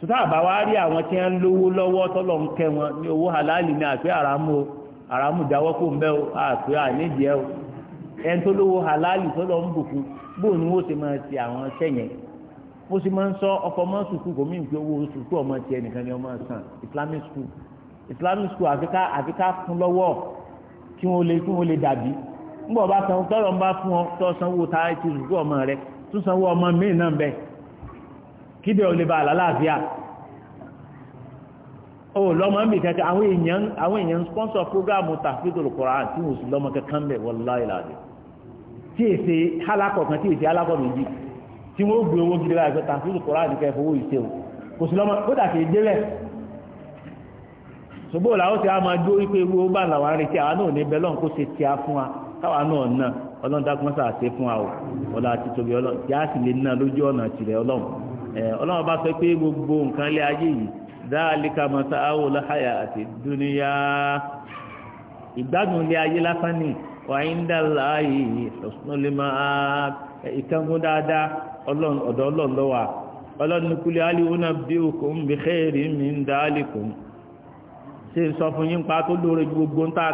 sọ́tà àbáwá rí àwọn tí wọ́n lówó lọ́wọ́ tọ́lọ̀ ń kẹ́ wọn ní owó halali ní àpé àràmù o àràmù dáwọ́ kò ń bẹ́ o àpé àníjẹ́ o ẹni tó lówó halali tọ́lọ̀ ń bùkún bóun ni wọ́n ti máa ti àwọn sẹ́yìn mo sì máa ń sọ ọkọ̀ mọ́ sùkúù kò mí ìgbé owó sùkúù ọmọ tiẹ̀ nìkan ni ọmọ sàn islamic school islamic school àfikà àfikà fún lọ́wọ́ kí wọ́n lè kí wọ́n lè dàbí ńgbọ̀ bá san tọ́lọ̀ ń bá fún ọ tọ́ sanwó tá kíbẹ̀ ò lè àlàáfíà ó lọ́mọ ń bì kẹ́kẹ́ àwọn èèyàn àwọn èèyàn sponsor program tafidul Quran tí wọ́n sì lọ́mọ kankan tí èsè alákọ̀ kan tí èsè alákọ̀ méjì tí wọ́n gbé owó gidi láìpẹ́ fowó ìṣe o kò lọ́mọ kódà kì í ṣùgbọ́n ti á máa dúró wípé owó bá làwọn arìnrìn àwọn náà ní kó ṣe ti fún wa káwa náà náà o ọlọ́run àti tóbi lè ná lójú ọ̀nà Eh, ọlọ́run bá sọ pé gbogbo nǹkan lé ayé yìí dáàlíkà mọ́tà áwò láhàyà àti dúníyà ìgbádùn lé ayé lásán ni wàhíńdàlá yìí ọ̀sán lè máa ìkángun dáadáa ọlọ́run ọ̀dọ̀ ọlọ́run lọ́wọ́ ọlọ́run ní kúlẹ̀ aliwo náà bí okùn bí xeèrè mi ń dáàlíkùn ṣe sọ fún yín pa tó lóore gbogbo ń ta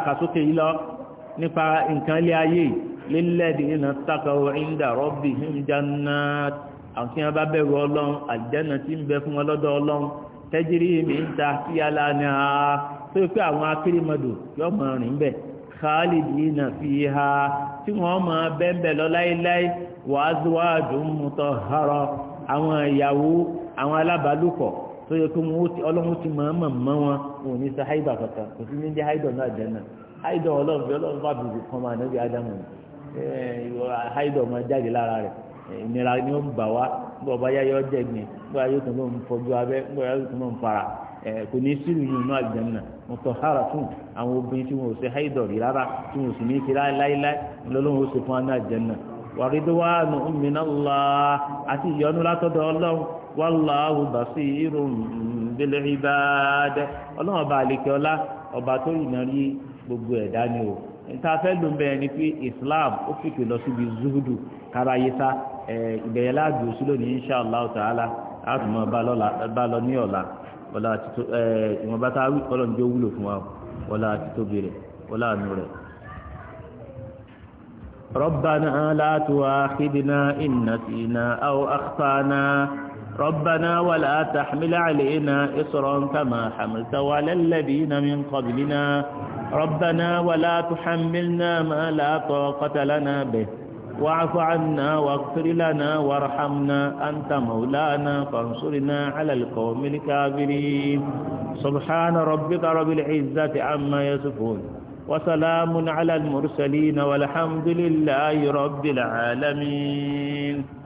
nípa nǹkan lé ayé lílẹ̀ dìínà tàkàwọ̀ ìndà rọ́bì hìm jannat àwọn tí wọ́n bá bẹ̀rù ọlọ́run àlìjẹ́nà tí ń bẹ fún wọn lọ́dọ̀ ọlọ́run tẹ́jírí mi ń ta sí aláàánú àá tó pé àwọn akérèmọdò yóò mọ rìn bẹ khalidina fiha tí wọ́n mọ bẹ́ẹ̀bẹ̀ lọ láéláé wa azwajun mutahhara àwọn ìyàwó àwọn alábàálòpọ̀ tó yẹ kó ọlọ́run ti mọ̀ mọ̀ mọ́ wọn ò ní sọ haidọ̀ kankan kò sí ní jẹ́ haidọ̀ náà jẹ́ náà ọlọ́run bí ọlọ́run bá bìbì kan máa níbi ádámù haidọ̀ máa jáde lára rẹ̀ ìnira ni ó ń bà wá bó ọba yá yọ jẹgbin bó ayé tó ló ń fọjú abẹ bó ayé tó ló ń fara ẹ kò ní sírù yìí nínú àlùjánnà mọtò hàrà fún àwọn obìnrin tí wọn ò ṣe háìdọ̀rì rárá tí wọn ò sì ní í kiri láéláé lọ́lọ́run ó ṣe fún aná àlùjánnà wàrídíwáàánù mìnàlá àti ìyọnu látọ̀dọ̀ ọlọ́run wallahu basirun bil ibad ọlọ́run ọba ìbẹ̀yẹ láàbì òsú lónìí insha Allah ta'ala àtùmọ̀ bá lọ ní ọ̀la ọ̀la títò ìwọ̀n bá tá ọlọ́run jẹ́ wúlò fún wa ọ̀la títò bèrè ọ̀la àánú rẹ̀. ربنا لا تواخذنا إن نسينا أو أخطأنا ربنا ولا تحمل علينا إصرا كما حملته على الذين من قبلنا ربنا ولا تحملنا ما لا طاقة لنا به واعف عنا واغفر لنا وارحمنا أنت مولانا فانصرنا على القوم الكافرين سبحان ربك رب العزة عما يصفون وسلام على المرسلين والحمد لله رب العالمين